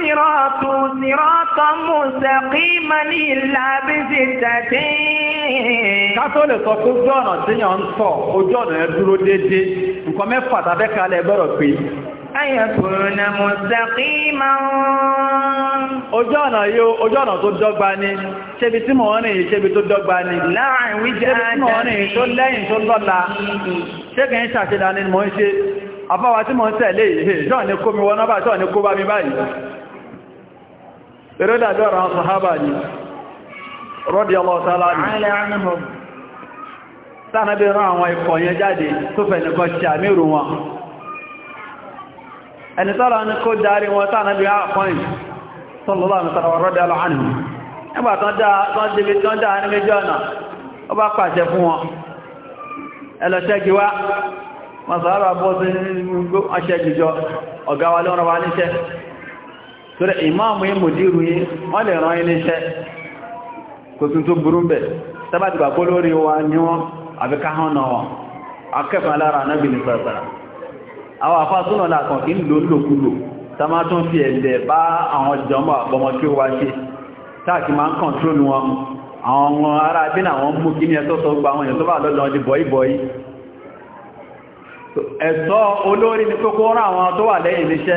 الصراط صراطا مستقيما إلا بستة kátó lè sọ pé ojú ọ̀nà tí yàn ń sọ ojú ọ̀nà ẹ dúró déédéé nǹkan mẹ́fà tàbí kalẹ̀ gbọ́dọ̀ pé. ayọ̀kùnrin mustaqima. ojú ọ̀nà yóò ojú ọ̀nà tó dọ́gba ni ṣébi tí mò ń rìn ṣébi tó tí mò ń rìn tó lẹ́yìn tó lọ́la ṣé kì í ṣàṣedà ni mò ń ṣe mi wọ eré dàbí ọ̀rọ̀ àwọn sàhábà ni radiyallahu ta'ala anhu tánàbí rán àwọn ikọ̀ yẹn jáde tó fẹ̀ nìkan ṣe àmìrù wọn ẹni tọ́rọ ní kó darí wọn tánàbí àpọ́ìn sallallahu alaihi wasallam radiyallahu anhu nígbà tán débi tán dáa ní méjì ọ̀nà ó bá pàṣẹ fún ọ̀gá wa lọ́rọ̀ wa níṣẹ́ torí ìmáàmù yí mùdírù yí wọ́n lè rán ilé kò tún tó burú bẹ̀ sábàtìgbà kó lórí wa ní wọ́n abe ka náà wọn akẹ́fà lára anábì na sọ̀rọ̀sọ̀rọ̀ àwọn àfáàsúnà làkàn kí ń lò lòkulò tá máa fi ẹ̀lẹ̀ bá àwọn jọmọ́ àbọmọ tí ni kókó rán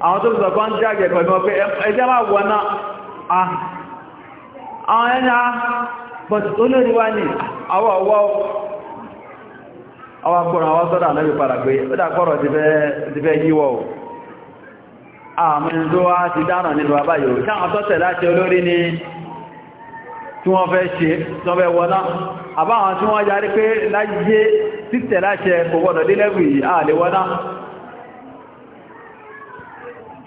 àwọn tó sọ kan jágẹ̀ pẹ̀lú ọpẹ́ ẹjẹ́ máa wọ́n náà àwọn ẹni a but olórí wá ní àwọ̀ ọwọ́ àwọn akọ̀rọ̀ àwọn sọ́dọ̀ ànábì padà pé ó dàkọ́rọ̀ ti fẹ́ yíwọ́ àmì tó wá ti dáràn nínú àbáyò káwọn tọ́tẹ̀ láti olórí ni tí wọ́n fẹ́ ṣe tí wọ́n fẹ́ wọ́ná àbáwọn tí wọ́n yarí pé láyé títẹ̀ láṣẹ kò gbọ́dọ̀ délẹ́wì àlèwọ́ná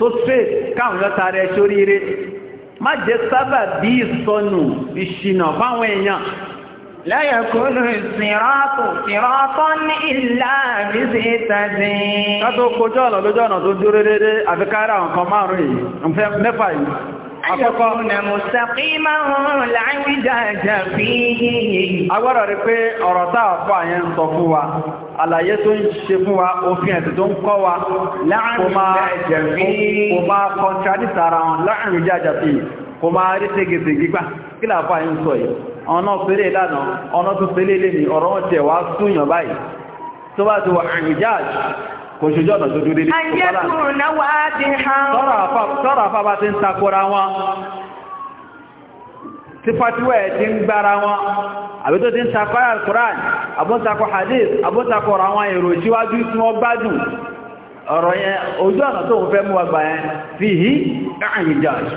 tó straight káwọn yọ tara ẹ sóríire má jẹ́ sábà bí ìsọnù ìṣìnà fáwọn èèyàn. لا يكون الصراط صراطا إلا بزيتدين. ká tó kojú ọ̀nà lójú ọ̀nà tó dúró déédéé àfi ká márùn-ún mẹ́fà yìí. Àkọ́kọ́. na láìwíjájà fi yìí. pé ọ̀rọ̀ táà fún àyẹn ń sọ fún wa, àlàyé tó ń ṣe fún wa, òfin ẹ̀sìn tó ń kọ́ wa, kò máa kọntradìtì ara wọn láìwíjájà fi yìí, kò máa rí ségesègi gbà, kí làfà yìí ń sọ yìí. Ọ̀nà ìlànà, kò ṣojú ọ̀nà tó dúdé ní tọ́rọ àfábá ti ń takora wọn tí fatiwa ẹ̀ ti ń gbára wọn àbí tó ti ń takọ hadith àbúntakọ àwọn èrò síwájú tí wọ́n gbádùn ọ̀rọ̀ yẹn ojú ọ̀nà tó ń fẹ́ mú ọgbà yẹn fi hí ẹ̀yìnjáàjù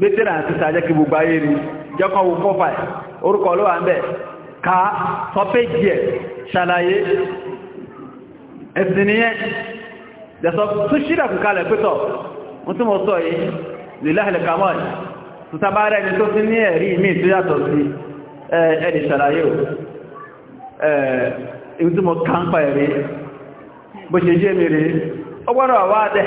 gbẹ́tẹ̀rẹ̀ àti sàjẹ́ kí gbogbo ayé rí jẹ́kọ́ wo fọ́fà orúkọ ló wà ń bẹ̀ ká sọpéjì ẹ̀ ṣàlàyé ẹ̀sìn nìyẹn dẹ̀sọ tó ṣílẹ̀kù kalẹ̀ pẹ́tọ̀ wọ́n tí mo sọ yìí lílẹ̀ kamọ́ọ̀lì tùtàbárẹ́ ni tó sí ní ẹ̀rí mi tó yàtọ̀ sí ẹ̀ẹ̀dì ṣàlàyé ò ẹ̀ẹ̀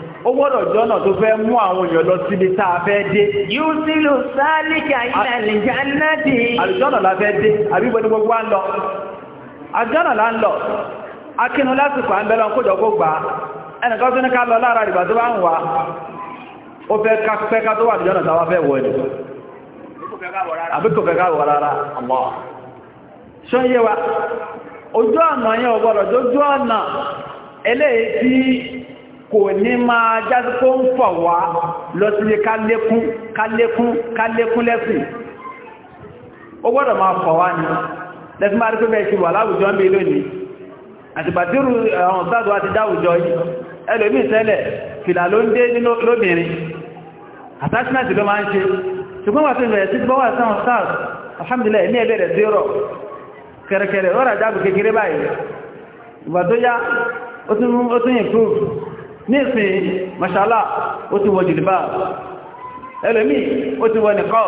ó gbọ́dọ̀ jọ́nà tó fẹ́ mú àwọn èèyàn lọ síbi tá a fẹ́ dé. yóò sí lò sálíkà ilẹ̀ àlìjáná dé. àlìjọ́nà la fẹ́ dé àbí gbogbo gbogbo à ń lọ. àjọ́nà la ń lọ. akínú lásìkò à ń bẹ́lọ kójọ kó gbà á. ẹnìkan tó ní ká lọ lára ìgbà tó bá ń wà. ó fẹ́ ká pẹ́ ká tó wà àlìjọ́nà táwa fẹ́ wọ ẹni. àbí kò fẹ́ ká wọ rárá. ṣọ́ yé wa ojú ọ̀nà yẹn ò gbọ́dọ̀ ojú ọ̀nà eléyìí tí kò ní máa jásí kó ń fọ̀ wá lọ ká lékún ká lékún ká lékún lẹ́sìn ó gbọ́dọ̀ máa fọ̀ wá ní lẹ́sìn máa rí pé bẹ́ẹ̀ wà láwùjọ ń bí lónìí àtìbàtírù àwọn sáàdù àti dáwùjọ yìí ẹlòmí tẹ́lẹ̀ fìlà ló ń dé lóbìnrin ó tún nísìn mashallah, ó ti wọ jìlìbá ẹlẹ́mí ó ti wọ nìkọ́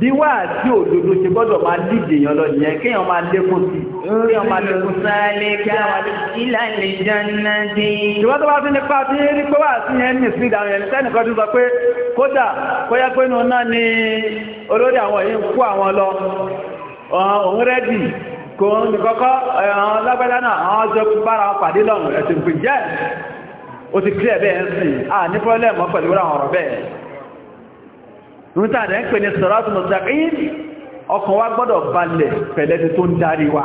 bí wà tí òdòdó ṣe gbọ́dọ̀ máa dìde èèyàn lọ nìyẹn kéèyàn máa lékún sí kéèyàn máa lékún sí ìlàlẹ̀ jannati ṣùgbọ́n tó bá fi nípa tí rí pé wà sí yẹn ní sí ìdáwọn ẹni tẹ́nìkan tó sọ pé kódà kóyá pé nù náà kò ní kọ́kọ́ ẹ̀hàn lágbẹ́lá náà àwọn ọjọ́ bára pàdé lọ́rùn ẹ̀sìn pè ó ti clear bẹ́ẹ̀ ń sìn à ní problem mọ́ pẹ̀lú àwọn ọ̀rọ̀ bẹ́ẹ̀ nítàdẹ̀ ń pè ní sọ̀rọ̀tù mustaqim ọkàn wa gbọ́dọ̀ balẹ̀ pẹ̀lẹ́ tó ń darí wa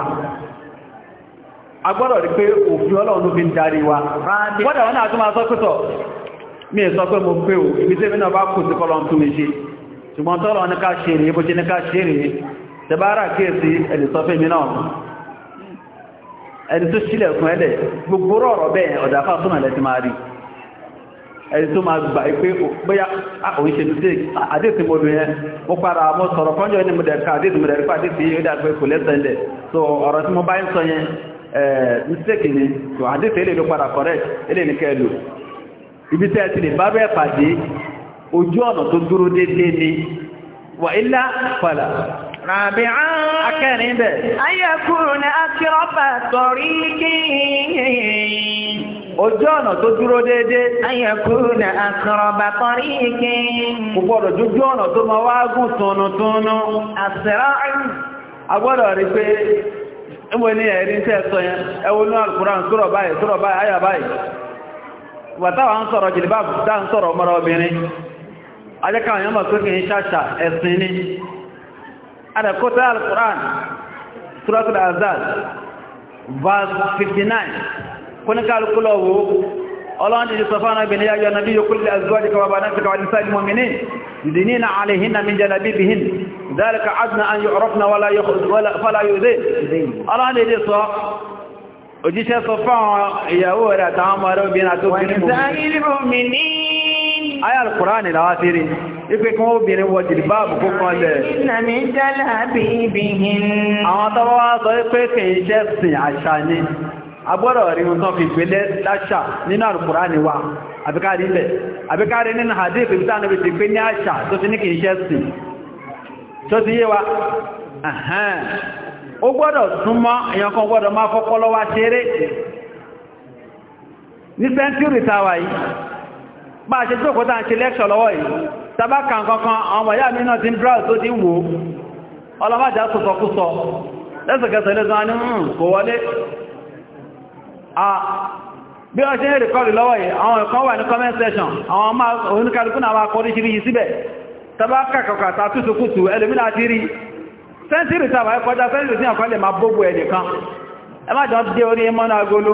a gbọ́dọ̀ rí pé òfin Ọlọ́run ló fi ń darí wa gbọ́dọ̀ wọn náà tó máa sọ́kútọ̀ mi sọ pé mo pé o ibi tí mínà bá kù sí kọlọ́n tó méṣe ṣùgbọ́n ẹni tó sílẹ̀ fún ẹlẹ̀ gbogbo ọ̀rọ̀ bẹ́ẹ̀ ọ̀dàfà tó náà lẹ́ti máa rí ẹni tó máa gbà pé bóyá ah, òun ṣe títí ah, àdéhùn mo lò mo para mo sọ̀rọ̀ kọ́njọ́ ní mo dẹ̀ka àdéhùn mo dẹ̀ka àdéhùn رابعا a أن يكون أقرب طريق ojú ọ̀nà tó dúró déédéé. ayọ̀kùnà àkàràbà parí ike. kò gbọ́dọ̀ dójú ọ̀nà tó máa wá gùn túnútúnú. àṣírá agbọ́dọ̀ rí pé ẹwọ ní ẹ̀rí ń tẹ́ẹ̀sọ yẹn ẹwọ ní alkùnrin sọ́rọ̀ báyìí sọ́rọ̀ báyìí ayà báyìí adàkọ́tà al-Qur'an suratul azal verse 59 kúnníkà alkúlọ̀wò ọlọ́run ti sọ fánà bí ní yáyọ nàbí yóò kúlẹ̀ azúwájíkà wà bá náà ti kàwàlì sáàdì mọ̀mìnì dìní na àlèhìn na mìjẹ̀ nàbí bí hìn dáríkà adìna an yóò rọ́fnà fọ́lá yóò dé ọlọ́run ti sọ òjíṣẹ́ sọ fáwọn ìyàwó rẹ̀ ayà alkùránì láwá sí rí ipé kí wọ́n obìnrin wọ jìlbáàbù kó kan lẹ̀ àwọn tọ́wọ́ wá sọ pé kì í ṣe sìn àṣà ni agbọ́dọ̀ rí ohun tán fi gbélé láṣà nínú alkùránì wa àbíkárí ilẹ̀ àbíkárí nínú hadith ní àṣà tó yìí bá ṣe jókòó tàà ṣe lẹ́ṣọ̀ lọ́wọ́ yìí tàbákà kankan ọmọ ìyá mi náà ti ń browse tó ti ń wò ọlọ́májá sọ̀sọ̀kúsọ lẹ́sẹ̀kẹsẹ̀ lẹ́sàn ní ń hmm, kò wọlé bí wọ́n ṣe ń rìkọ́rì lọ́wọ́ yìí àwọn ẹ̀kan wà ní comment section àwọn ọmọ oníkàlùkù náà wà kọrí ṣírí yìí síbẹ̀ tàbákà kankan tàtútùkùtù ẹlòmínà ti rí sẹ́ńtírì tàbà ẹkọjá sẹ́ńtírì tí àkọlẹ̀ máa bógbò ẹnìkan ẹ má jọ dé orí mọ́nà agolo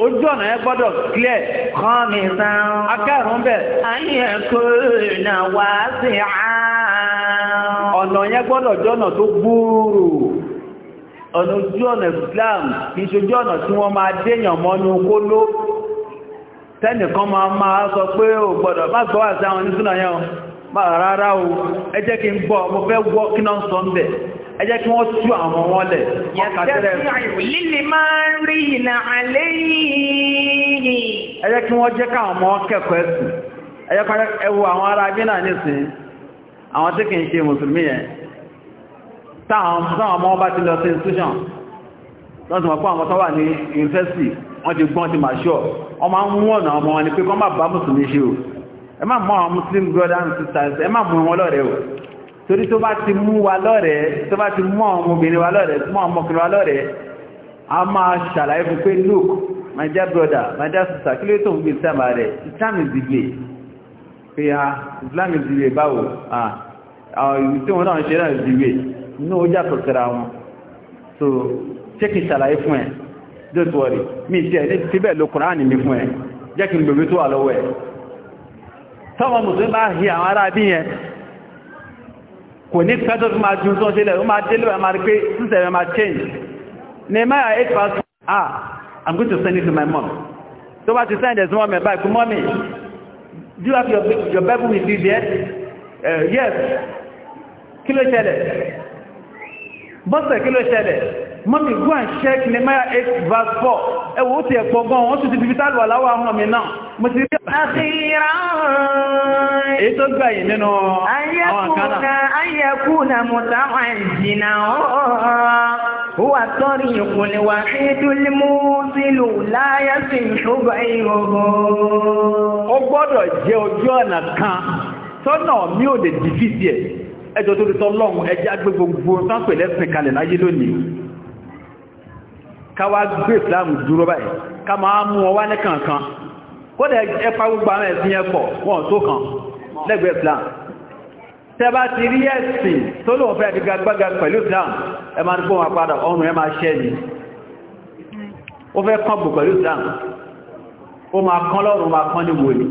ojú ọ̀nà yẹn gbọ́dọ̀ clear. kọ́ mi sàn. akẹ́rùn bẹ̀. ayé kò wá sí a ọ̀nà yẹn gbọ́dọ̀ jọ́nà tó gbòòrò ọ̀nà ojú ọ̀nà Islam kì í ṣojú ọ̀nà tí wọ́n máa déyàn mọ́nú kóló tẹ́nìkan máa máa sọ pé ò gbọ́dọ̀ ẹ jẹ́ kí wọ́n tú àwọn wọn lẹ̀. lílì máa ń rí ìnà àlẹ́ yìí. ẹ jẹ́ kí wọ́n jẹ́ káwọn ọmọ kẹ́kọ̀ọ́ ẹ̀sìn ẹ jẹ́ kí ẹ wo àwọn ará bí náà nísìn àwọn tí kì í ṣe mùsùlùmí yẹn táwọn ọmọ bá ti lọ sí institution lọ́sùn mọ̀ fún àwọn tó wà ní yunifásitì wọ́n ti gbọ́n ti màṣọ́ wọ́n máa ń mú ọ̀nà ọmọ wọn ni pé kọ́ má bá o torí tó bá ti mú wa lọ́rẹ̀ẹ́ tó bá ti mú àwọn ọmọbìnrin wa lọ́rẹ̀ẹ́ mú àwọn ọmọkùnrin wa lọ́rẹ̀ẹ́ a máa ṣàlàyé fún pé look my dear brother my dear sister kí ló tó ń gbé ìsáàmà rẹ̀ islam is the way pé ha ah, islam is the way báwo àwọn ah, ìlú ah, tí wọ́n náà ṣe náà is the way inú ó yàtọ̀ síra wọn so ṣé kí n ṣàlàyé fún ẹ don't worry mi ti ẹ̀ ní ti bẹ́ẹ̀ lo kùránì mi fún ẹ jẹ́ kí n gbèbí tó wà lọ́wọ́ ẹ tọ́wọ́ mùsùlùmí bá hi àwọn ará yẹn kò ní pẹ́tọ́ tó máa jù tó ṣẹlẹ̀ ó máa délé ẹ̀ máa rí pé sísẹ̀rẹ̀ máa change Nehemiah 8 verse ah I'm going to send it to my mom tó bá ti send it to mom ẹ̀bá ìkú do you have your, your Bible with you there uh, yes kí ló ṣẹlẹ̀ bọ́sẹ̀ kí ló ṣẹlẹ̀ mọ́mí go and check Nehemiah 8 verse 4 ẹwọ́ ó ti ẹ̀pọ̀ gan wọ́n tún ti fi tálùwà láwọ́ àwọn ọmọ mi náà mo ti rí ọ̀rọ̀ èyí tó gbà yìí nínú àwọn kan náà. ayẹkùnà mùtàwọn ìjìnà ọ̀ọ́ wà tọ́rì ìkùnlẹ̀ wà ní dúlímù sílù láyé sí ìṣòro ìhòòhò. ó gbọ́dọ̀ jẹ́ ojú ọ̀nà kan tọ́nà mi ò lè dìfíìsì ẹ̀ ẹjọ́ tó tọ́ lọ́hùn ẹjẹ́ agbé gbogbo sáńpẹ̀ lẹ́sìn kalẹ̀ láyé lónìí káwá gbé ìsìláàmù dúró báyìí ká máa mú wọn wá ní kankan kódà ẹ pa gbogbo àwọn ẹ̀sìn yẹn pọ̀ wọn tó kan lẹ́gbẹ̀ẹ́ Islam tẹba ti rí ẹ̀sìn tó lò fẹ́ gbígbàgbàgbà pẹ̀lú Islam ẹ ma ń kó wọn padà ọrùn ẹ ma ṣẹ́ ni ó fẹ́ kọ́bù pẹ̀lú Islam ó ma kán lọ́rùn ma kán ní wòlì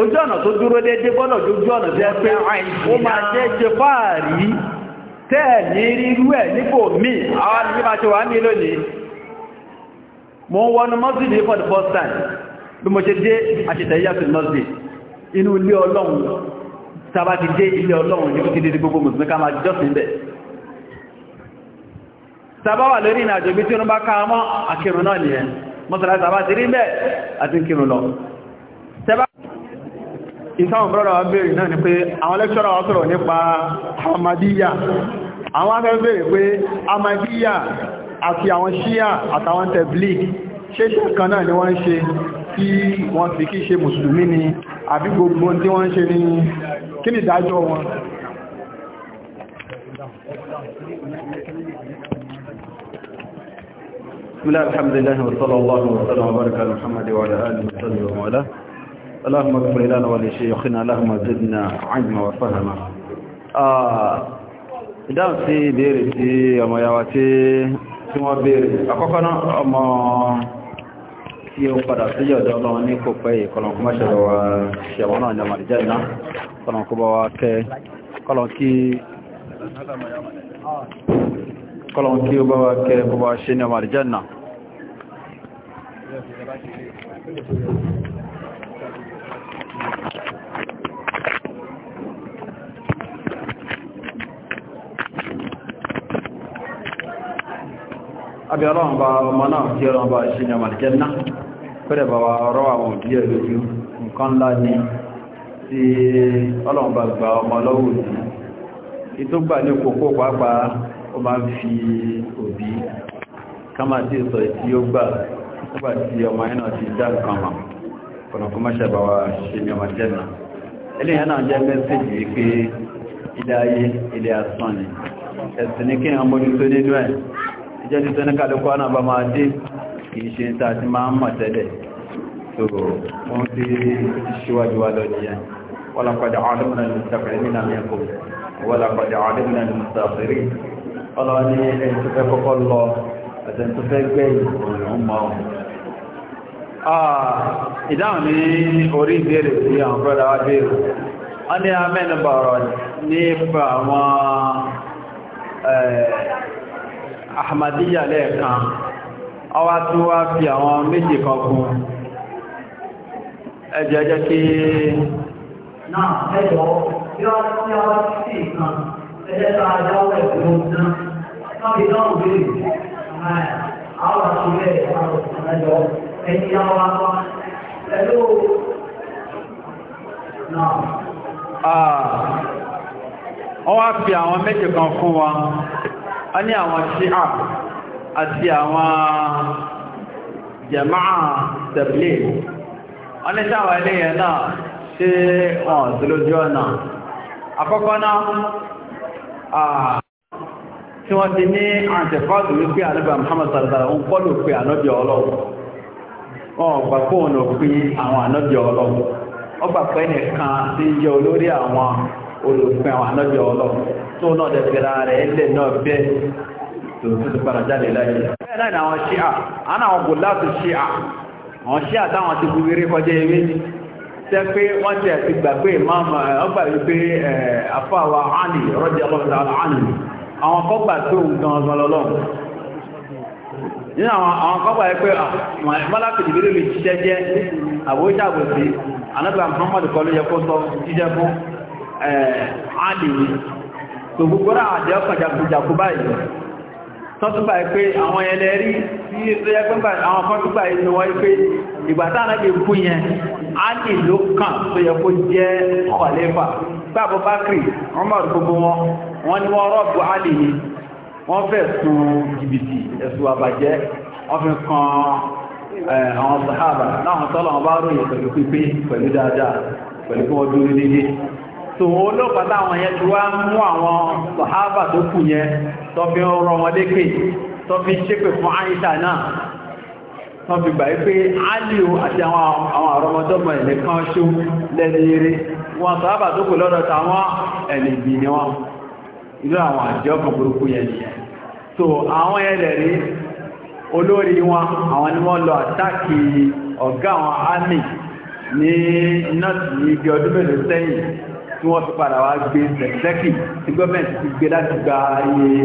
ojú ọ̀nà tó dúró déédé bọ́lọ̀ ojú ọ̀nà tẹ́ pé ó ma jẹ́ jẹ fáàrí tẹ́ẹ̀ní rírú ẹ̀ nípò mí àwọn ní ma ṣe wà ní lónìí mo ń wọnú mọ́sílì for the first time bí mo ṣe dé àṣìtẹ̀yà sí mọ́sílì inú ilé ọlọ́run tàbá ti dé ilé ọlọ́run ní kí dídí gbogbo mùsùlùmí ká máa jọ́sìn bẹ̀ tàbá wà lórí ìrìn àjò bí tí ó ń bá ká mọ́ àkírùn náà nìyẹn mọ́sàlá tàbá ti rí bẹ́ẹ̀ àti kírùn lọ ìsáwọn brọ́dà wa bèèrè náà ni pé àwọn lẹ́kṣọ́rà wa sọ̀rọ̀ nípa Ahmadiyya àwọn afẹ́ bèèrè pé Ahmadiyya àti àwọn Shia àtàwọn Tabligh ṣe ṣe kan náà ni wọ́n ń ṣe tí wọ́n fi kí ṣe mùsùlùmí ni àbí gbogbo tí wọ́n ń ṣe ní kí ni ìdájọ́ wọn بسم الله الحمد لله وصلى الله وسلم وبارك على محمد وعلى اله وصحبه ومن والاه اللهم اغفر لنا ولشيخنا اللهم زدنا علما وفهما ìdáhùn sí ìbéèrè tí ọmọ yàwá tí wọ́n béèrè akọ́kọ́ náà ọmọ tí ó padà sí ọ̀dọ̀ ọlọ́run ní kò pẹ́ ìkọlọ̀kọmọ́ṣẹ̀rọ̀ wa ṣẹ̀wọ̀n náà jẹmọ̀ àdìjẹ́ ìná kọlọ̀kọmọ́ wa kẹ́ kọlọ̀n kí ó bá wa kẹ́ bó bá ṣe ní ọmọ àdìjẹ́ ìná abẹ́ ọlọ́run bá ọmọ náà kí ọlọ́run bá ṣe ní ọmọ àdìjẹ́ ìná fẹ́rẹ̀ bàbá ọ̀rọ̀ àwọn òbí ẹ̀ lójú nǹkan ńlá ní tí ọlọ́ọ̀bà gba ọmọ lọ́wọ́ òbí ìtógbà ní kòkó pàápàá ó máa ń fi òbí kámà tí sọ ìtí ó gbà nígbà tí ọmọ ẹ̀ náà ti dá nǹkan mọ̀ ọ̀nà kó máṣe bàbá ṣe ní ọmọ jẹ́nà eléyàn náà jẹ́ mẹ́sẹ̀jì wípé ilé ilé asán ni ẹ̀sìn ní kí ni wọ́n nínú ẹ̀ ìjẹ́ títẹ́ ní kálukú náà bá máa dé kìí ṣe tá ti máa ń mọ̀ tẹ́lẹ̀ tó wọ́n tí ṣíwájú wa lọ nìyẹn ولقد علمنا المستقعدين منكم ولقد علمنا المستاخرين ọlọ́ni ẹni tó fẹ́ kọ́kọ́ lọ ẹ̀sẹ̀n tó fẹ́ gbẹ̀yìn òun mọ́ ọ̀hún ìdáhùn ní orí ìbéèrè sí àwọn fẹ́ra wá béèrè wọ́n ní amẹ́nubà ọ̀rọ̀ nípa àwọn ahmadiyya lẹ́ẹ̀kan ọwá tó wá fi àwọn méjì kan kún ẹjọ́ ẹjọ́ kí náà ẹjọ́ bí wọ́n tí wọ́n sí ìkan ẹjẹ́ tó ajáwọ̀ ẹ̀kọ́ náà náà bí náà wí àwọn àtúnlẹ̀ ẹjọ́ ẹni àwọn akọ́ pẹ̀lú náà ọwá fi àwọn méjì kan fún wọn a ní àwọn ṣíà àti àwọn jẹ̀máà tẹ̀blé wọ́n ní sáwà iléyẹ náà ṣe wọ́n tí lójú ọ̀nà àkọ́kọ́ náà tí wọ́n ti ní àǹtẹ̀kọ́ọ̀tù wípé ànábì Muhammad sàrẹ̀sàrẹ̀ ń kọ́lù pé ànábì ọlọ́run wọ́n gbà pé òun òfin àwọn ànábì ọlọ́run wọ́n gbà pé ẹnìkan tí ń jẹ́ olórí àwọn olùpin àwọn ànábì ọlọ́run tó náà dẹ̀ fẹ́ra rẹ̀ ẹlẹ́ náà bẹ́ẹ̀ tó ti padà jáde láyé. bẹ́ẹ̀ náà ni àwọn ṣíà àwọn àwọn kò láti ṣíà àwọn ṣíà táwọn ti fi wéré kọjá ewé tẹ́ pé wọ́n ti ẹ̀ ti gbà pé ìmáàmù ọgbà yìí pé àfàwà ánì rọ́jà ọlọ́dà ánì àwọn kan gbà pé òun gan ọgbà lọ́lọ́run nínú àwọn kan gbà pé mọ́lákì ìdílé lè ṣiṣẹ́ jẹ́ àwòṣàbòsí anábìà Muhammad kọlu yẹ kó sọ jíjẹ fún ánì tó gbogbo rà àjẹ́ ọkàn jagunjagun báyìí tọ́túgbà pé àwọn ẹlẹ́rí tí ó yẹ pẹ́gbà àwọn kọ́túgbà ìlú wọ́n pé ìgbàtà náà lè kú yẹn a ní ìlú kan tó yẹ kó jẹ́ kọ̀lẹ́fà gbàbọ̀ bákìrì wọ́n mọ̀ gbogbo wọn wọ́n ni wọ́n rọ́bù alì ni wọ́n fẹ̀sùn jìbìtì ẹ̀sùn àbàjẹ́ wọ́n fi kan àwọn sàhábà láwọn tọ́lọ̀ wọn bá ròyìn pẹ̀lú pípé pẹ̀lú dáadáa pẹ̀lú kí wọ́n dúró déédéé tòun olóòpàá táwọn yẹn ti wá mú àwọn sàhábà tó kù yẹn tó fi ń rọ wọn lékè tó fi ṣépè fún àyíṣà náà tó fi gbà pé aliu àti àwọn àrọmọdọ́mọ ẹ̀mí kan ṣó lẹni eré wọn sàhábà tó kù táwọn ni wọn so àwọn yẹn rí olórí wọn àwọn ni wọn lọ àtàkì àwọn ní ọdún tí wọ́n fi padà wá gbé sẹ́kì tí gọ́ọ̀mẹ̀ntì ti gbé láti gba iye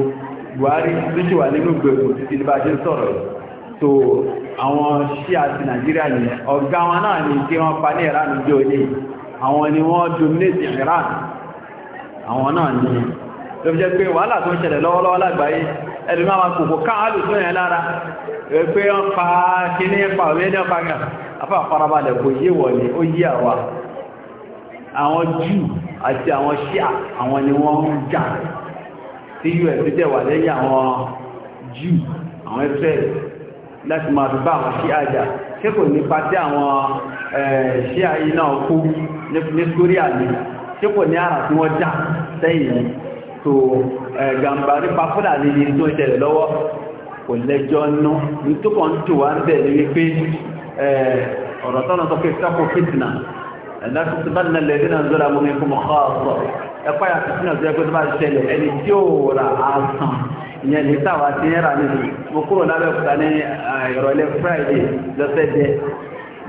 Buhari tó ṣe wà nínú gbèrò títí ní bá ṣe ń sọ̀rọ̀ so àwọn ṣí àti Nàìjíríà ní ọ̀gá wọn náà ní tí wọ́n pa ní Iran jọ ní àwọn ni wọ́n dominate Iran àwọn náà ní ló fi jẹ́ pé wàhálà tó ń ṣẹlẹ̀ lọ́wọ́lọ́wọ́ lágbàáyé ẹ̀dùn máa kòkò káàlù tó yẹn lára pé wọ́n pa kíní pa òwe ní ọ̀pá àfà àfarabalẹ̀ kò yé wọ̀ ní ó yé àwa àwọn Júù àti àwọn ṣíà àwọn ni wọ́n ń jà tí us jẹ́ wà lẹ́yìn àwọn jew àwọn israel láti máa fi bá àwọn ṣíà jà ṣé kò nípa tí àwọn ṣíà yìí náà kú ní korea ni ṣé kò ní ara tí wọ́n jà sẹ́yìn tó gàmbà nípa fúlàní ní tó ń ṣẹlẹ̀ lọ́wọ́ kò lẹ́jọ́ nú ní tó kàn ń tò wá ń bẹ̀ ní wípé ọ̀rọ̀ tọ́nà sọ pé sọ́kò fìtìnà ẹ̀dá tó ti bá nà lè dínà zọ́ra mú mi fún mi kọ́ ọ̀sọ̀ ẹ̀kọ́ yà tó sínú ẹgbẹ́ tó bá ṣẹlẹ̀ ẹni tí ó ra àásán ìyẹn ní táwa ti ń rà nínú mo kúrò lábẹ́kúta ní ìrọ̀lẹ́ friday lọ́sẹ̀ jẹ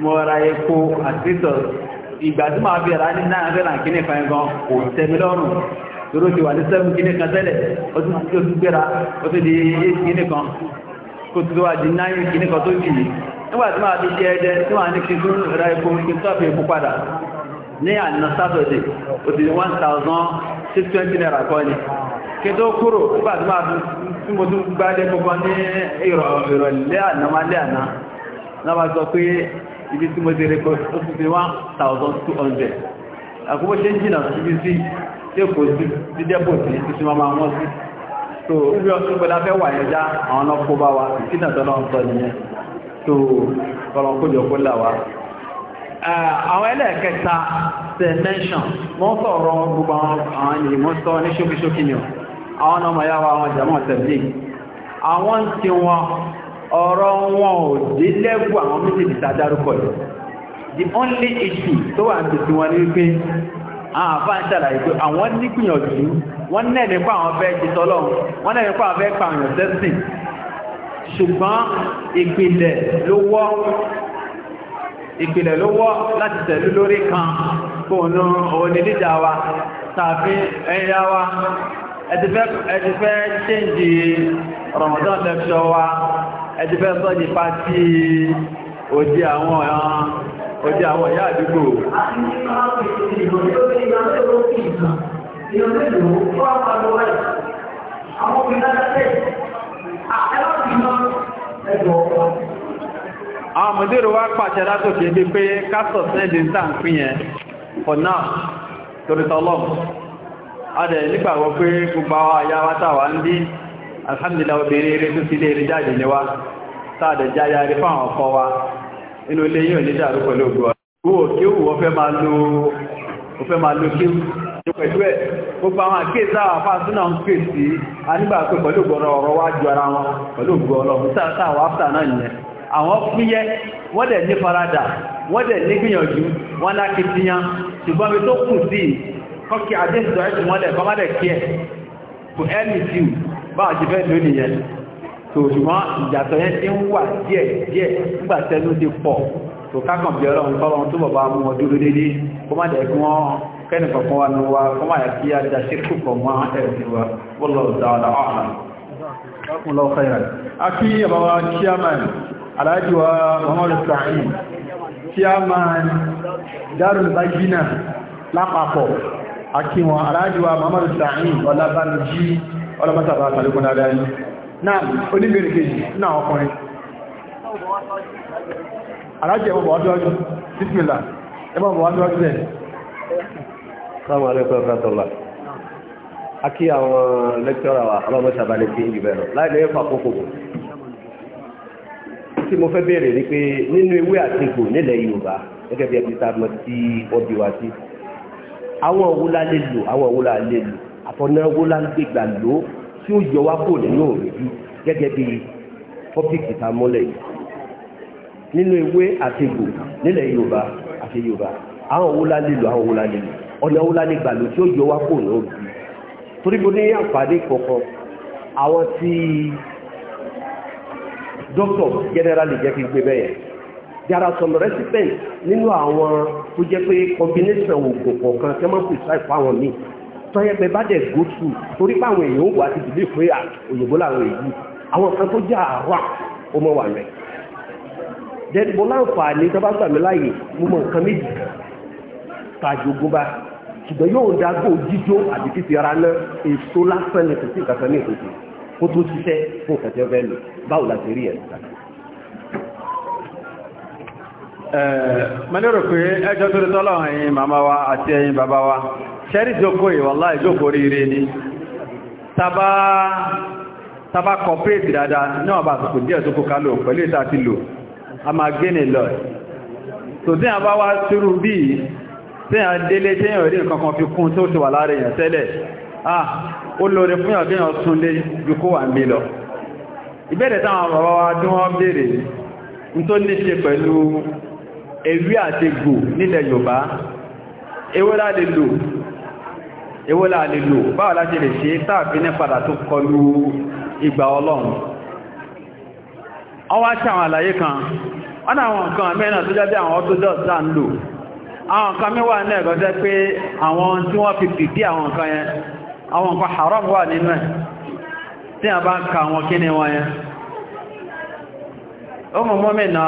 mo ra epo àtìtọ̀ ìgbà tí màá fi rà ní náà fẹ́ ràn kíní kan gan kò tẹ́mi lọ́rùn dúró ti wà ní sẹ́fún kíní kan tẹ́lẹ̀ ó ti gbéra ó ti di kíní kan kó ti wá di nine kíní kan tó yìí nígbàtí máa bí jẹ́ ẹ̀dẹ́ tí wọ́n ní kí gún ra epo kí tọ́pì epo padà ní àná sátọ̀dẹ̀ òtì 1,620 naira kọ́ ni kí tó kúrò nígbàtí máa bí mo tún gbá ẹ̀dẹ́ gbogbo ní ìrọ̀lẹ́ àná máa lẹ́ àná náà bá sọ pé ibi tí mo ti rẹ̀ kọ́ ó ti 1,200 àkókò ṣe ń jìnà síbi sí èkó sí dẹ́pọ̀ sí títí máa wọ́n sí so ó bí ọdún pẹ̀lú afẹ́ wà ẹ̀já àwọn ọlọ́pọ̀ bá wa ìtìnà tọ́lọ́ tó kọlọ̀kójọ kó làwà àwọn ẹlẹ́ẹ̀kẹta tẹ mẹ́ṣàn wọ́n sọ̀rọ̀ gbogbo àwọn ènìyàn wọ́n sọ ní ṣókíṣókí ni àwọn ọmọ yáwà àwọn jàmọ́ tẹ̀lé àwọn tí wọn ọ̀rọ̀ wọn ò dé lẹ́gbù àwọn méjèèjì tá dárúkọ yìí the only issue tó wà ní ti wọn ni wípé àwọn àfáà ń ṣàlàyé pé àwọn nígbìyànjú wọ́n nẹ̀ẹ́dẹ́gbà àwọn fẹ́ ti tọ́lọ́ wọ́n nẹ̀ẹ́dẹ́gbà àwọn fẹ́ pààyàn ṣùgbọ́n ìpìlẹ̀ ló wọ́ ìpìlẹ̀ ló wọ́ láti tẹ̀lú lórí kan fóònù òní dídà wa tàbí ẹ̀yà wa ẹ̀dìfẹ́ ṣéǹjì Ramadan lẹ́fṣọ́ wa ẹ̀dìfẹ́ sọ ní pàtí òdí àwọn ẹ̀hàn òdí àwọn ìyá àdúgbò Àwọn obìnrin láti àwọn mọ̀dérò wá pàṣẹ látòkè bí pé kásọ̀ sẹ́lì ń tàn pín yẹn for now torítọ́lọ́ adẹ̀ nígbàgbọ́ pé gbogbo àwọn ayáwátà wà ń dí alhamdulillah obìnrin eré tó sí ilé eré jáde níwá sáàdẹ̀ jáyà fáwọn ọkọ wa inú ilé yíò kò fẹ́ máa lo kéwù pẹ̀lú ẹ̀ gbogbo àwọn àkéèsà àfáàsúnà ń pè sí anígbà pé pẹ̀lú ògbọ́rọ̀ ọ̀rọ̀ wá ju ara wọn pẹ̀lú ògbọ́ ọlọ́run sáà wà áfà náà nìyẹn àwọn fúyẹ́ wọ́n dẹ̀ ní faradà wọ́n dẹ̀ ní gbìyànjú wọ́n lákìtíyàn ṣùgbọ́n mi tó kù sí kọ́kí àdéṣùdọ̀ ẹ̀sùn wọ́n dẹ̀ bọ́mọ́dẹ̀ kí tó kákan bí ọlọ́run tọ́lọ́run tó bàbá mú wọn dúró dédé kó má dẹ̀ kí wọ́n kẹ́nì kankan wá nu wa kó má yà kí á da ṣírkù pọ̀ mọ́ ẹ̀sìn wa wallahu ta'ala a'lam ọkùnlọ́ khairan akí àbáwá chairman aláàjì wa muhammadu sa'id chairman darul bajina lápapọ̀ akí wọn aláàjì wa muhammadu náà oníbèrè kejì náà ọkùnrin alájẹ ẹmọ bọ̀ ọdún ọdún bísmìlá ẹmọ bọ̀ ọdún ọdún ẹ̀ sáwọn alẹ́kọ̀ọ́ ìfẹ́sọ̀lá a kí àwọn lẹ́kítọ́rà wa ọlọ́mọṣàbálẹ̀ sí ìlú bẹ̀rọ láìlẹ́ ẹ̀fà kókò tí mo fẹ́ bèèrè ni pé nínú ewé àti egbò nílẹ̀ Yorùbá gẹ́gẹ́ bí ẹbí sáà mọ̀ sí ọbí wa sí àwọn òwúlá lè lò àwọn òwúlá lè lò àfọ̀nàwúlá ń gbégbà lò tí ó yọ wá kò nínú òrùjú gẹ́gẹ́ bí tọ́pìkì tá mọ́lẹ̀ yìí nínú ewé àtẹ̀gbò nílẹ̀ yorùbá àti yorùbá àwọn owó la nílò àwọn owó la nílò ọ̀nà owó la nígbà ló tí ó yọ wá kò ní òbí torí mo ní àǹfààní kọ̀ọ̀kan àwọn tí dókítọ̀ generally jẹ́ fi gbé bẹ́ẹ̀ there are some recipes nínú àwọn tó jẹ́ pé combination oògùn kọ̀ọ̀kan tẹ́ máa ń prescribe fáwọn míì tọ́yẹ́ pé bá dẹ̀ go to torí pé àwọn èèyàn ó wà á ti dìbò pé ah, dẹ́ni mo láǹfààní tó bá gbà mí láàyè mo mọ nǹkan méjì ṣùgbọ́n yóò dágbò jíjó àti fífi ara ná èso lásán ní kòtí ìkàtà ní ìkòtì kó tó ṣiṣẹ́ fún ìkàtà ọbẹ̀ lò báwo la ṣe rí ẹ̀ mo pé ẹjọ́ tó ẹ̀yin màmá wa àti ẹ̀yin bàbá wa ṣẹ́rí jókòó ìwọ̀nlá ìjókòó ni tábà tábà bá àsìkò a máa gbé ní lọ tò tí a bá wá túrú bí tí a délé tí èèyàn rí nǹkan kan fi kún tó ti wà láàrin èèyàn tẹ́lẹ̀ ah ó lóore fún èèyàn kéèyàn súnlé ju kó wà ń bí lọ ìbéèrè táwọn bàbá wa tí wọ́n béèrè ń tó ní ṣe pẹ̀lú ewé àti gò nílẹ̀ Yorùbá ewé láàlè lò ewé láàlè lò báwo láti lè ṣe táàfin ní padà tó kọlu ìgbà Ọlọ́run ọwá ṣe àwọn àlàyé kan wọ́n náà àwọn nǹkan mẹ́rin tó jẹ́ bí àwọn orthodox dá ń lò àwọn nǹkan mẹ́wàá náà gọ́jẹ́ pé àwọn tí wọ́n fi pìdí àwọn nǹkan yẹn àwọn nǹkan haram wà nínú ẹ̀ a bá ń ka àwọn kíní wọn yẹn ó mọ̀ mọ́mìnà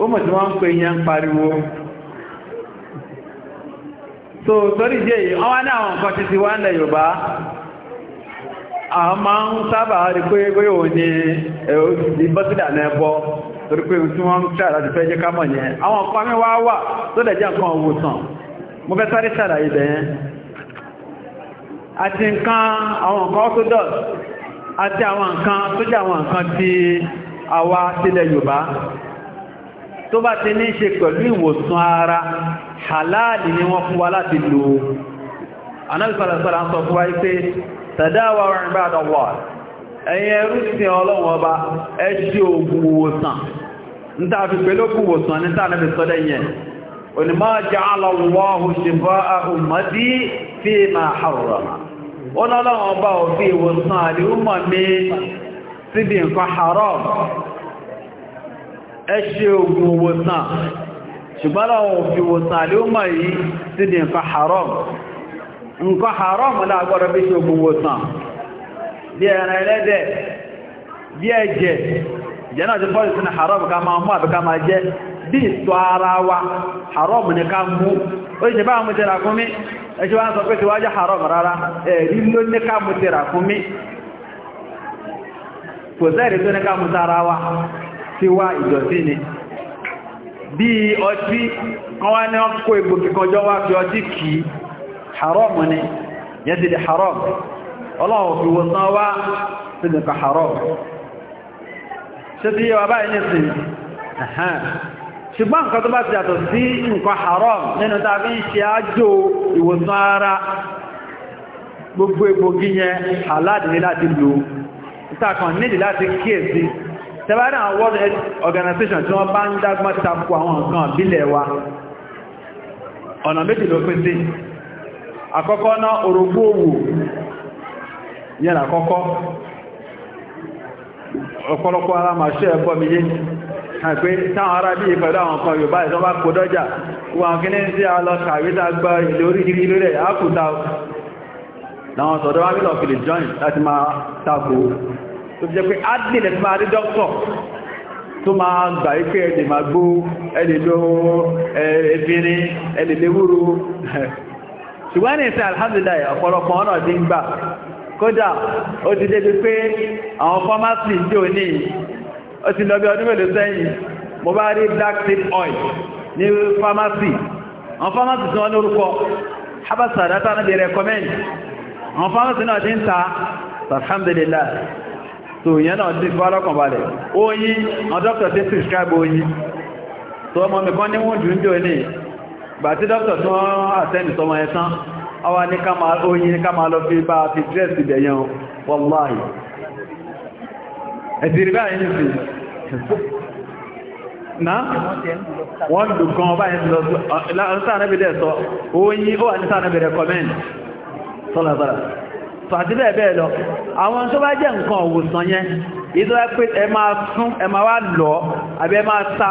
ó mọ̀ tí wọ́n ń pè yẹn ń pariwo so torí jẹ́ yìí A máa ń sábà rí pé pé òun ni ìbọ́sídà náà bọ́ torí pé tí wọ́n ń tẹ́ àti fẹ́ jẹ́ ká mọ̀ yẹn àwọn ọ̀pọ̀ mi wá wà tó lẹ̀ jẹ́ nǹkan òwòsàn mo fẹ́ sáré ṣàlàyé bẹ̀yẹn àti nǹkan àwọn nǹkan orthodox àti àwọn nǹkan tó jẹ́ àwọn nǹkan ti àwa sílẹ̀ Yorùbá tó bá ti ní ṣe pẹ̀lú ìwòsàn ara halali ni wọ́n fún wa láti lò anábìsọ̀rọ̀sọ̀rọ̀ à sọ fún wa pé tàdáwà ìbádọ̀wà ẹ̀yẹ rúsìn ọlọ́wọ́ ọba ẹjí ogun wòsàn ní tàbí pẹ̀lókù wòsàn sọ́dẹ̀ yẹn onímọ̀ jẹ́ alọ́wọ́hù ṣìfọ́ ahùmọ́dí fi ọba òfin haram wòsàn ṣùgbọ́n lọ́wọ́ òfin ìwòsàn àdíwùmọ̀ haram nǹkan haram láàgbọ́dọ̀ bí ṣe gbogbo tàn bí ẹran ẹlẹ́dẹ̀ bí ẹ̀jẹ̀ jẹ́ náà ti na ìsinmi haram ká máa mú àbíká máa jẹ́ bí ara wa haram ní ká mú ó ṣe bá mú tẹ́ra fún mi ẹṣẹ́ wá ń sọ pé ti wájá haram rárá ẹ̀rí ló ní ká mú tẹ́ra fún mi kò tó ní wa wá ni bí ọtí ní ọkọ̀ wá haram ni yẹ́dì lè haram ọlọ́wọ̀ fi wọ́sán wá sí lè ka haram ṣe tí yẹ wà báyìí ní sí ṣùgbọ́n nǹkan tó bá ti yàtọ̀ sí nǹkan haram nínú tá a fi ń ṣe àjò ìwòsàn ara gbogbo egbògi yẹn aláàdì ní láti lò ìtàkàn nídì láti kíyèsí tẹbàrí àwọn world health organization tí wọ́n bá ń dágbọ́n tako àwọn nǹkan àbílẹ̀ wa ọ̀nà méjì sí àkọ́kọ́ ná òrògbó òwò yẹn àkọ́kọ́ ọ̀pọ̀lọpọ̀ ara ma ṣẹ́ ẹ̀bọ́ mi yé àpé táwọn ará bí ìpẹ̀lú àwọn kan Yorùbá ìtọ́ bá kó dọ́jà wọn kí sí alọ́ kàwé tá gba ìlú orí rẹ̀ ákùtà láwọn wá fìlì láti máa tako tó fi jẹ́ pé adìlẹ̀ máa rí tó máa gbà máa gbó *laughs* ṣùgbọ́n ní ìsìn alhamdulillah ọ̀pọ̀lọpọ̀ ọ̀nà ti ń gbà kódà ó ti débi pé àwọn fọ́másì tí ò ní ó ti lọ bí ọdún mélòó sẹ́yìn mo bá rí black tip oil ní fọ́másì àwọn fọ́másì tí wọ́n lórúkọ habassadata náà bí recommend àwọn fọ́másì náà ti ń ta alhamdulillah tó yẹn náà ti fọ́ ọlọ́kàn balẹ̀ oyin àwọn dókítà ti prescribe oyin tó ọmọ mi kan ní wọ́n dùn jò ní gbàtí dọ́kítọ̀ tí wọ́n àtẹ́nì sọmọ ẹ̀sán àwa ní oyin ní ká máa lọ fi bá fi dírẹ́sì bẹ̀yàn wọ́láì ẹ̀tìrì báyìí ní fi náà wọ́n lù kan báyìí lọ sáàrẹ́bìdẹ̀ sọ oyin ó wà ní sáàrẹ́bìdẹ̀ kọ́mẹ́ntì sọ́lọ̀sọ́lọ̀ tàbí bẹ́ẹ̀ bẹ́ẹ̀ lọ àwọn tó bá jẹ́ nǹkan òwòsàn yẹn ìdọ́wẹ́ pé ẹ máa sún ẹ máa wá lọ àbí ẹ máa ta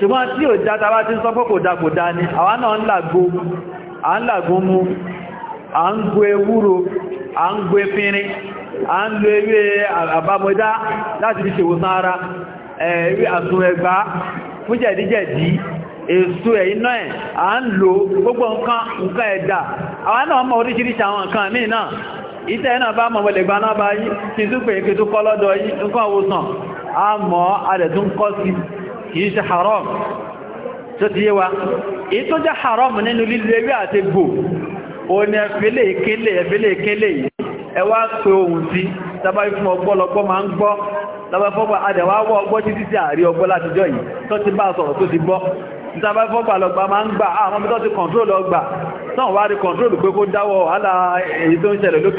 ṣùgbọ́n tí ò já tàbá tí ń sọ pé dá kò dá ní àwa náà ń làgbó à ń làgbó mú à ń gbé ewúro à ń gbé fínrin à ń lo ewé àbámọ́dá láti fi ara ewé àtún lo gbogbo nǹkan eda ẹ̀dà àwa náà mọ̀ oríṣiríṣi àwọn nǹkan míì náà ìtẹ́ náà bá mọ̀ wọlé gbaná bá yí kí tún pè é kí tún kọ́ lọ́dọ̀ yí nǹkan òwòsàn kìí ṣe haram tó ti yé wa èyí tó jẹ́ haram nínú lílo ewé àti gbò òní ẹ̀fẹ́lẹ̀ ìkélé ẹ̀fẹ́lẹ̀ ìkélé ẹ wá pé ohun sí tàbá fún ọgbọ́lọgbọ́ máa ń gbọ́ tàbá fọ́gbà adẹ̀wà wọ́ ọgbọ́ títí sí àárí ọgbọ́ látijọ́ yìí tó ti bá sọ̀rọ̀ tó ti gbọ́ tàbá fọ́gbà lọ́gbà máa ń gbà àwọn tó ti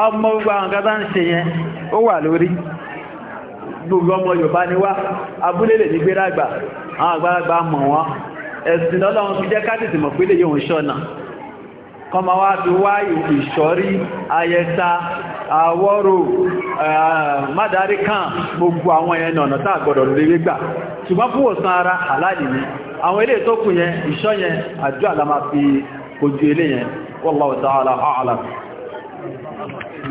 ọmọ gbogbo àwọn kátà ń ṣe yẹn ó wà lórí gbogbo ọmọ Yorùbá ni wá abúlé lè ní gbéragbà àwọn àgbàlagbà mọ̀ wọ́n ẹ̀sìn lọ́lọ́run fi jẹ́ kádìsì mọ̀ pé lè yóò ṣọ́nà kọmọ wá fi wá ìṣọ́rí ayẹta àwọ́rò eh, kan gbogbo àwọn ẹ̀yẹn ọ̀nà lórí gbà ṣùgbọ́n fún òsàn ara àláàdì ni àwọn ilé tó kù yẹn ìṣọ́ yẹn àjọ fi ojú ilé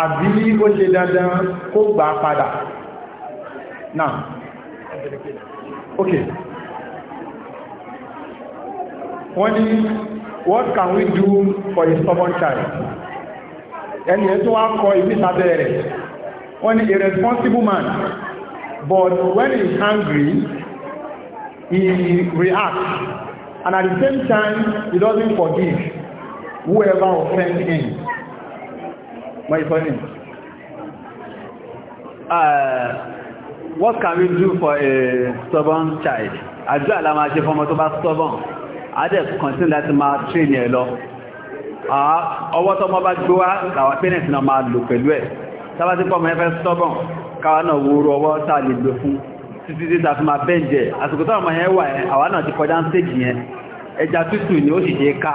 àbí ó ṣe dandan kó gbà padà náà ok wọ́n ní what can we do for a stubborn child ẹni ẹ̀ tó wá kọ ìmísàbẹ̀ rẹ̀ wọ́n ní a responsible man but when he is angry he reacts and at the same time he doesn't forgive whoever offends him My funny. Uh, what can we do for a stubborn child? Àdúrà la máa ṣe fọ́mọ tó bá stubborn. I just continue that máa train ẹ lọ. Ọwọ́ tọ́mọ bá gbé wá làwọn parents náà máa lò pẹ̀lú ẹ̀. Sábà tí pọ́mọ ẹfẹ́ stubborn, káwa náà wúrú ọwọ́ sáà lè gbé fún. Títí tí ta fi máa bẹ́ǹjẹ̀. Àsìkò tó ọmọ yẹn wà ẹ̀, àwa náà ti kọjá ń stage yẹn. Ẹja tútù ni ó sì ṣe ká.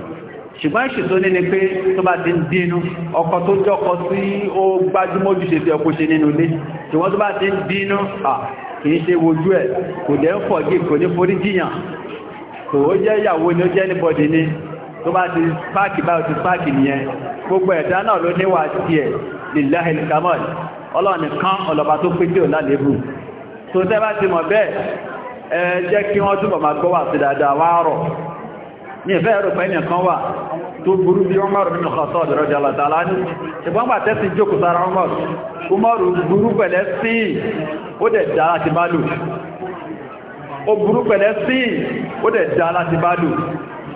ṣùgbọ́n ìṣètò ní ni pé tó bá ti ń bínú ọkọ tó jọ́kọ sí ó gbájúmọ́ ojúṣe tí ọkọ ṣe nínú ilé ṣùgbọ́n tó bá ti ń bínú à kìí ṣe wojú ẹ̀ kò dẹ̀ ń fọ̀ gí kò ní forí jìyàn kò ó jẹ́ ìyàwó ni ó jẹ́ níbọ̀dì ni tó bá ti páàkì báyìí ti páàkì nìyẹn gbogbo ẹ̀dá náà ló níwà tiẹ̀ lílàhí kamal ọlọ́ọ̀nì kan ọlọ́ba tó pé tí ò lálébù tó tẹ́ bá ti mọ̀ bẹ́ẹ̀ ẹ jẹ́ wà sí dáadáa wá ní ẹ̀bẹ́ ẹ̀rọ pẹ̀lú ẹ̀kan wà tó burú bí Umar bin Khattab radiyallahu ta'ala anhu ṣùgbọ́n bà tẹ́sí jókòó sára Umar Umar burú pẹ̀lẹ́ sí ó dẹ̀ dá láti bá lò ó burú pẹ̀lẹ́ sí ó dẹ̀ dá láti bá lò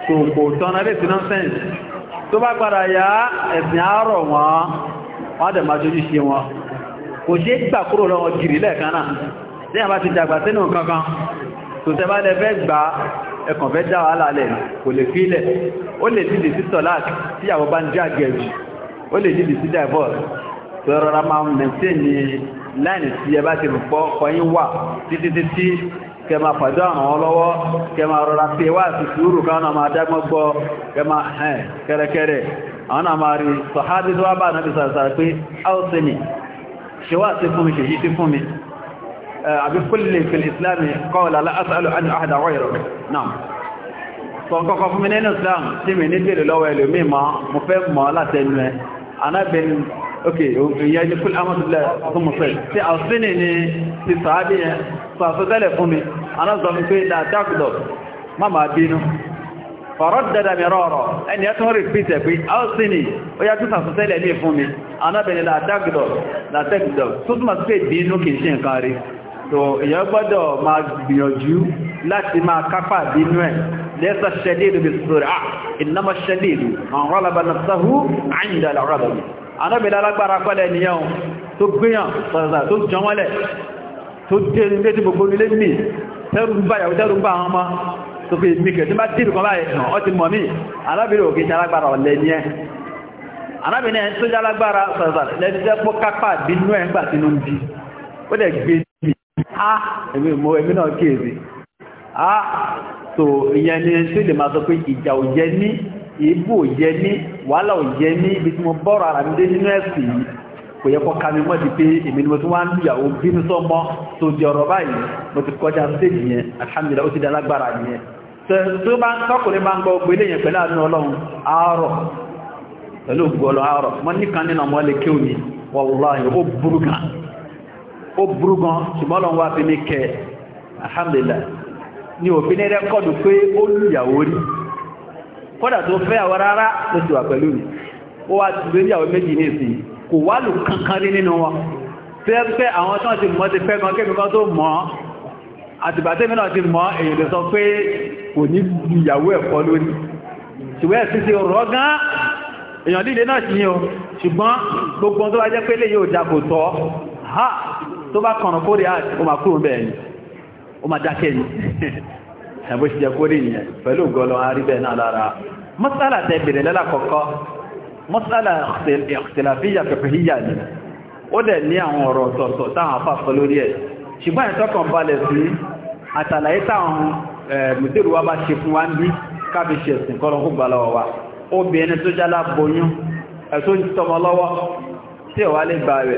kò kò tọ́nà lè sí nọ́sẹ̀nsì tó bá padà yá ẹ̀sìn àárọ̀ wọn wọ́n ẹkàn fẹ́ dá wàhálà lẹ̀ kò lè fílẹ̀ ó lè dìdì sí tọ́láàkì tí àwọn bá ń jẹ́ àgẹ̀jù ó lè dìdì sí divorce tọ́rọ ra máa mẹ́tẹ́ ní láìní tí ẹ bá ti pọ̀ kọyín wà títí títí kẹ máa pàdé àwọn ọlọ́wọ́ kẹ máa rọra pé wá sí sùúrù káwọn máa dágbọ́n gbọ́ kẹ máa hẹn kẹrẹkẹrẹ àwọn àmà rí sọ̀hádìí tó wá bá náà bí sàrẹ̀sàrẹ̀ pé áùsẹ̀ mi ṣe wá sí fún mi ṣèyí sí fún mi بكل في الإسلام قال لا أسأل عن أحد غيرك نعم sọ̀kọ́kọ́ fún mi nínú Islam tí mi ní bèèrè lọ́wọ́ ẹlò mí ma mo fẹ́ mọ̀ láti ẹnu ẹ anábìn ok ìyẹn ní kúlù amọ́sílẹ̀ fún mo fẹ́ tí a sí ní ní ti sàábí yẹn sàásọ́tẹ́lẹ̀ fún mi anáṣọ́ mi pé dàtàkùdọ̀ má máa bínú فرد مرارا ان يتهر البيت بي اوصني ويا تساسل لي فمي انا بين لا تقدر لا تقدر ثم سيدي نو كيشين كاري so èèyàn gbọ́dọ̀ máa gbìyànjú láti máa kápá nínú ẹ̀ lẹ́sà ṣẹlẹ̀lú bí sọ́rọ̀ à ìnáma ṣẹlẹ̀lú àwọn rọ́lọ́bà na sáhú àyíndà lọ́rọ̀lọ́ anábìlá alágbára pẹ́lẹ̀ ènìyàn tó gbìyàn sọ̀rọ̀ tó jọmọ́lẹ̀ tó dé ilé tí gbogbo ilé mi tẹ́rùmbá yàwó tẹ́rùmbá àwọn ọmọ tó fi ìmìkẹ̀ tí bá dìrù kan báyìí hàn ọ́ ti mọ̀ mí alábìlá òkè ṣe alágbára ọ̀lẹ́ ni ẹ́ anábìlá ẹni tó jálágbára ah èmi mo èmi náà kéèzì ah so ìyẹn ni tí lè máa sọ pé ìjà ò jẹ ní ìbò ò jẹ ní wàhálà ò jẹ ní ibi tí mo bọ́rọ̀ ara mi dé nínú ẹ̀sìn yìí kò yẹ kó ka mi mọ́ di pé èmi ni mo tún wá ń lùyàwó bínú sọ́mọ́ tó di ọ̀rọ̀ báyìí mo ti kọjá stage yẹn alhamdulilayi ó ti di alágbára yẹn tó bá ń tọ́kùnrin bá ń gbọ́ ogbè lèyàn pẹ̀lú àánú ọlọ́run àárọ̀ pẹ̀lú ògbọ́lọ̀ àárọ̀ wọ́n níkan nínú ọmọ lè kí òní wọ́lọ́yìn gan ó burú gan ṣùgbọ́n lọ́n wá fi mí kẹ alhamdulillah ni òfin ní rẹ́kọ́dù pé ó lùyàwó rí kódà tó fẹ́ àwọn rárá ló ti wà pẹ̀lú mi ó wá ti lórí àwọn méjì ní ìsìn kò wá lù kankan rí nínú wọn fẹ́ àwọn tí wọ́n ti mọ̀ ti fẹ́ gan kébì kan tó mọ̀ àtìbàtẹ́mì náà ti mọ̀ èyí lè sọ pé kò ní ìyàwó ẹ̀kọ́ lórí ṣùgbọ́n ẹ̀sìn ti rọ́ gán èèyàn líle náà ṣìyàn ṣùgbọ́n gbogbo tó wá jẹ́ pé lè yóò dàkò tọ́ ha tó bá kọ̀nà kó rí àti ọmọ kúrò bẹ́ẹ̀ ni ó ma dákẹ́ ni *laughs* ẹ̀bọ́ ṣe jẹ́ kó rí ìyẹn pẹ̀lú gọlọ àrí bẹ́ẹ̀ náà lára mọ́sálà tẹ́ bèrè lẹ́lá kọ̀kọ́ mọ́sálà ìṣẹ̀láfíyà pẹ̀pẹ̀híyà ni ó dẹ̀ ní àwọn ọ̀rọ̀ ọ̀tọ̀ọ̀tọ̀ táwọn afáfọ́ lórí ẹ̀ ṣùgbọ́n ìtọ́kàn balẹ̀ sí àtàlàyé táwọn mùsùlùmí wa bá ṣe fún wa ń bí káfí tí ò lè gbà rẹ̀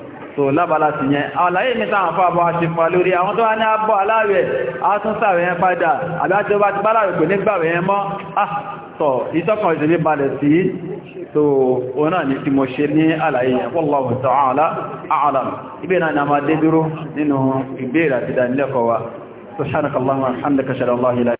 so lábàlá sí yẹn àlàyé mi táwọn afọ àbọ̀ àṣìfà lórí àwọn tó wá ní abọ́ aláwẹ̀ àtúnṣàwẹ̀ yẹn padà àbí àti ọba ti báláwẹ̀ kò ní yẹn mọ́ àtọ̀ ah, ìtọ́kàn ìṣẹ́lẹ̀ balẹ̀ sí so ọ̀nà ni tí mo ṣe ní àlàyé yẹn wallahu ta'ala a'lam ibẹ̀ náà ni a máa dé dúró nínú ìbéèrè àti ìdánilẹ́kọ̀ọ́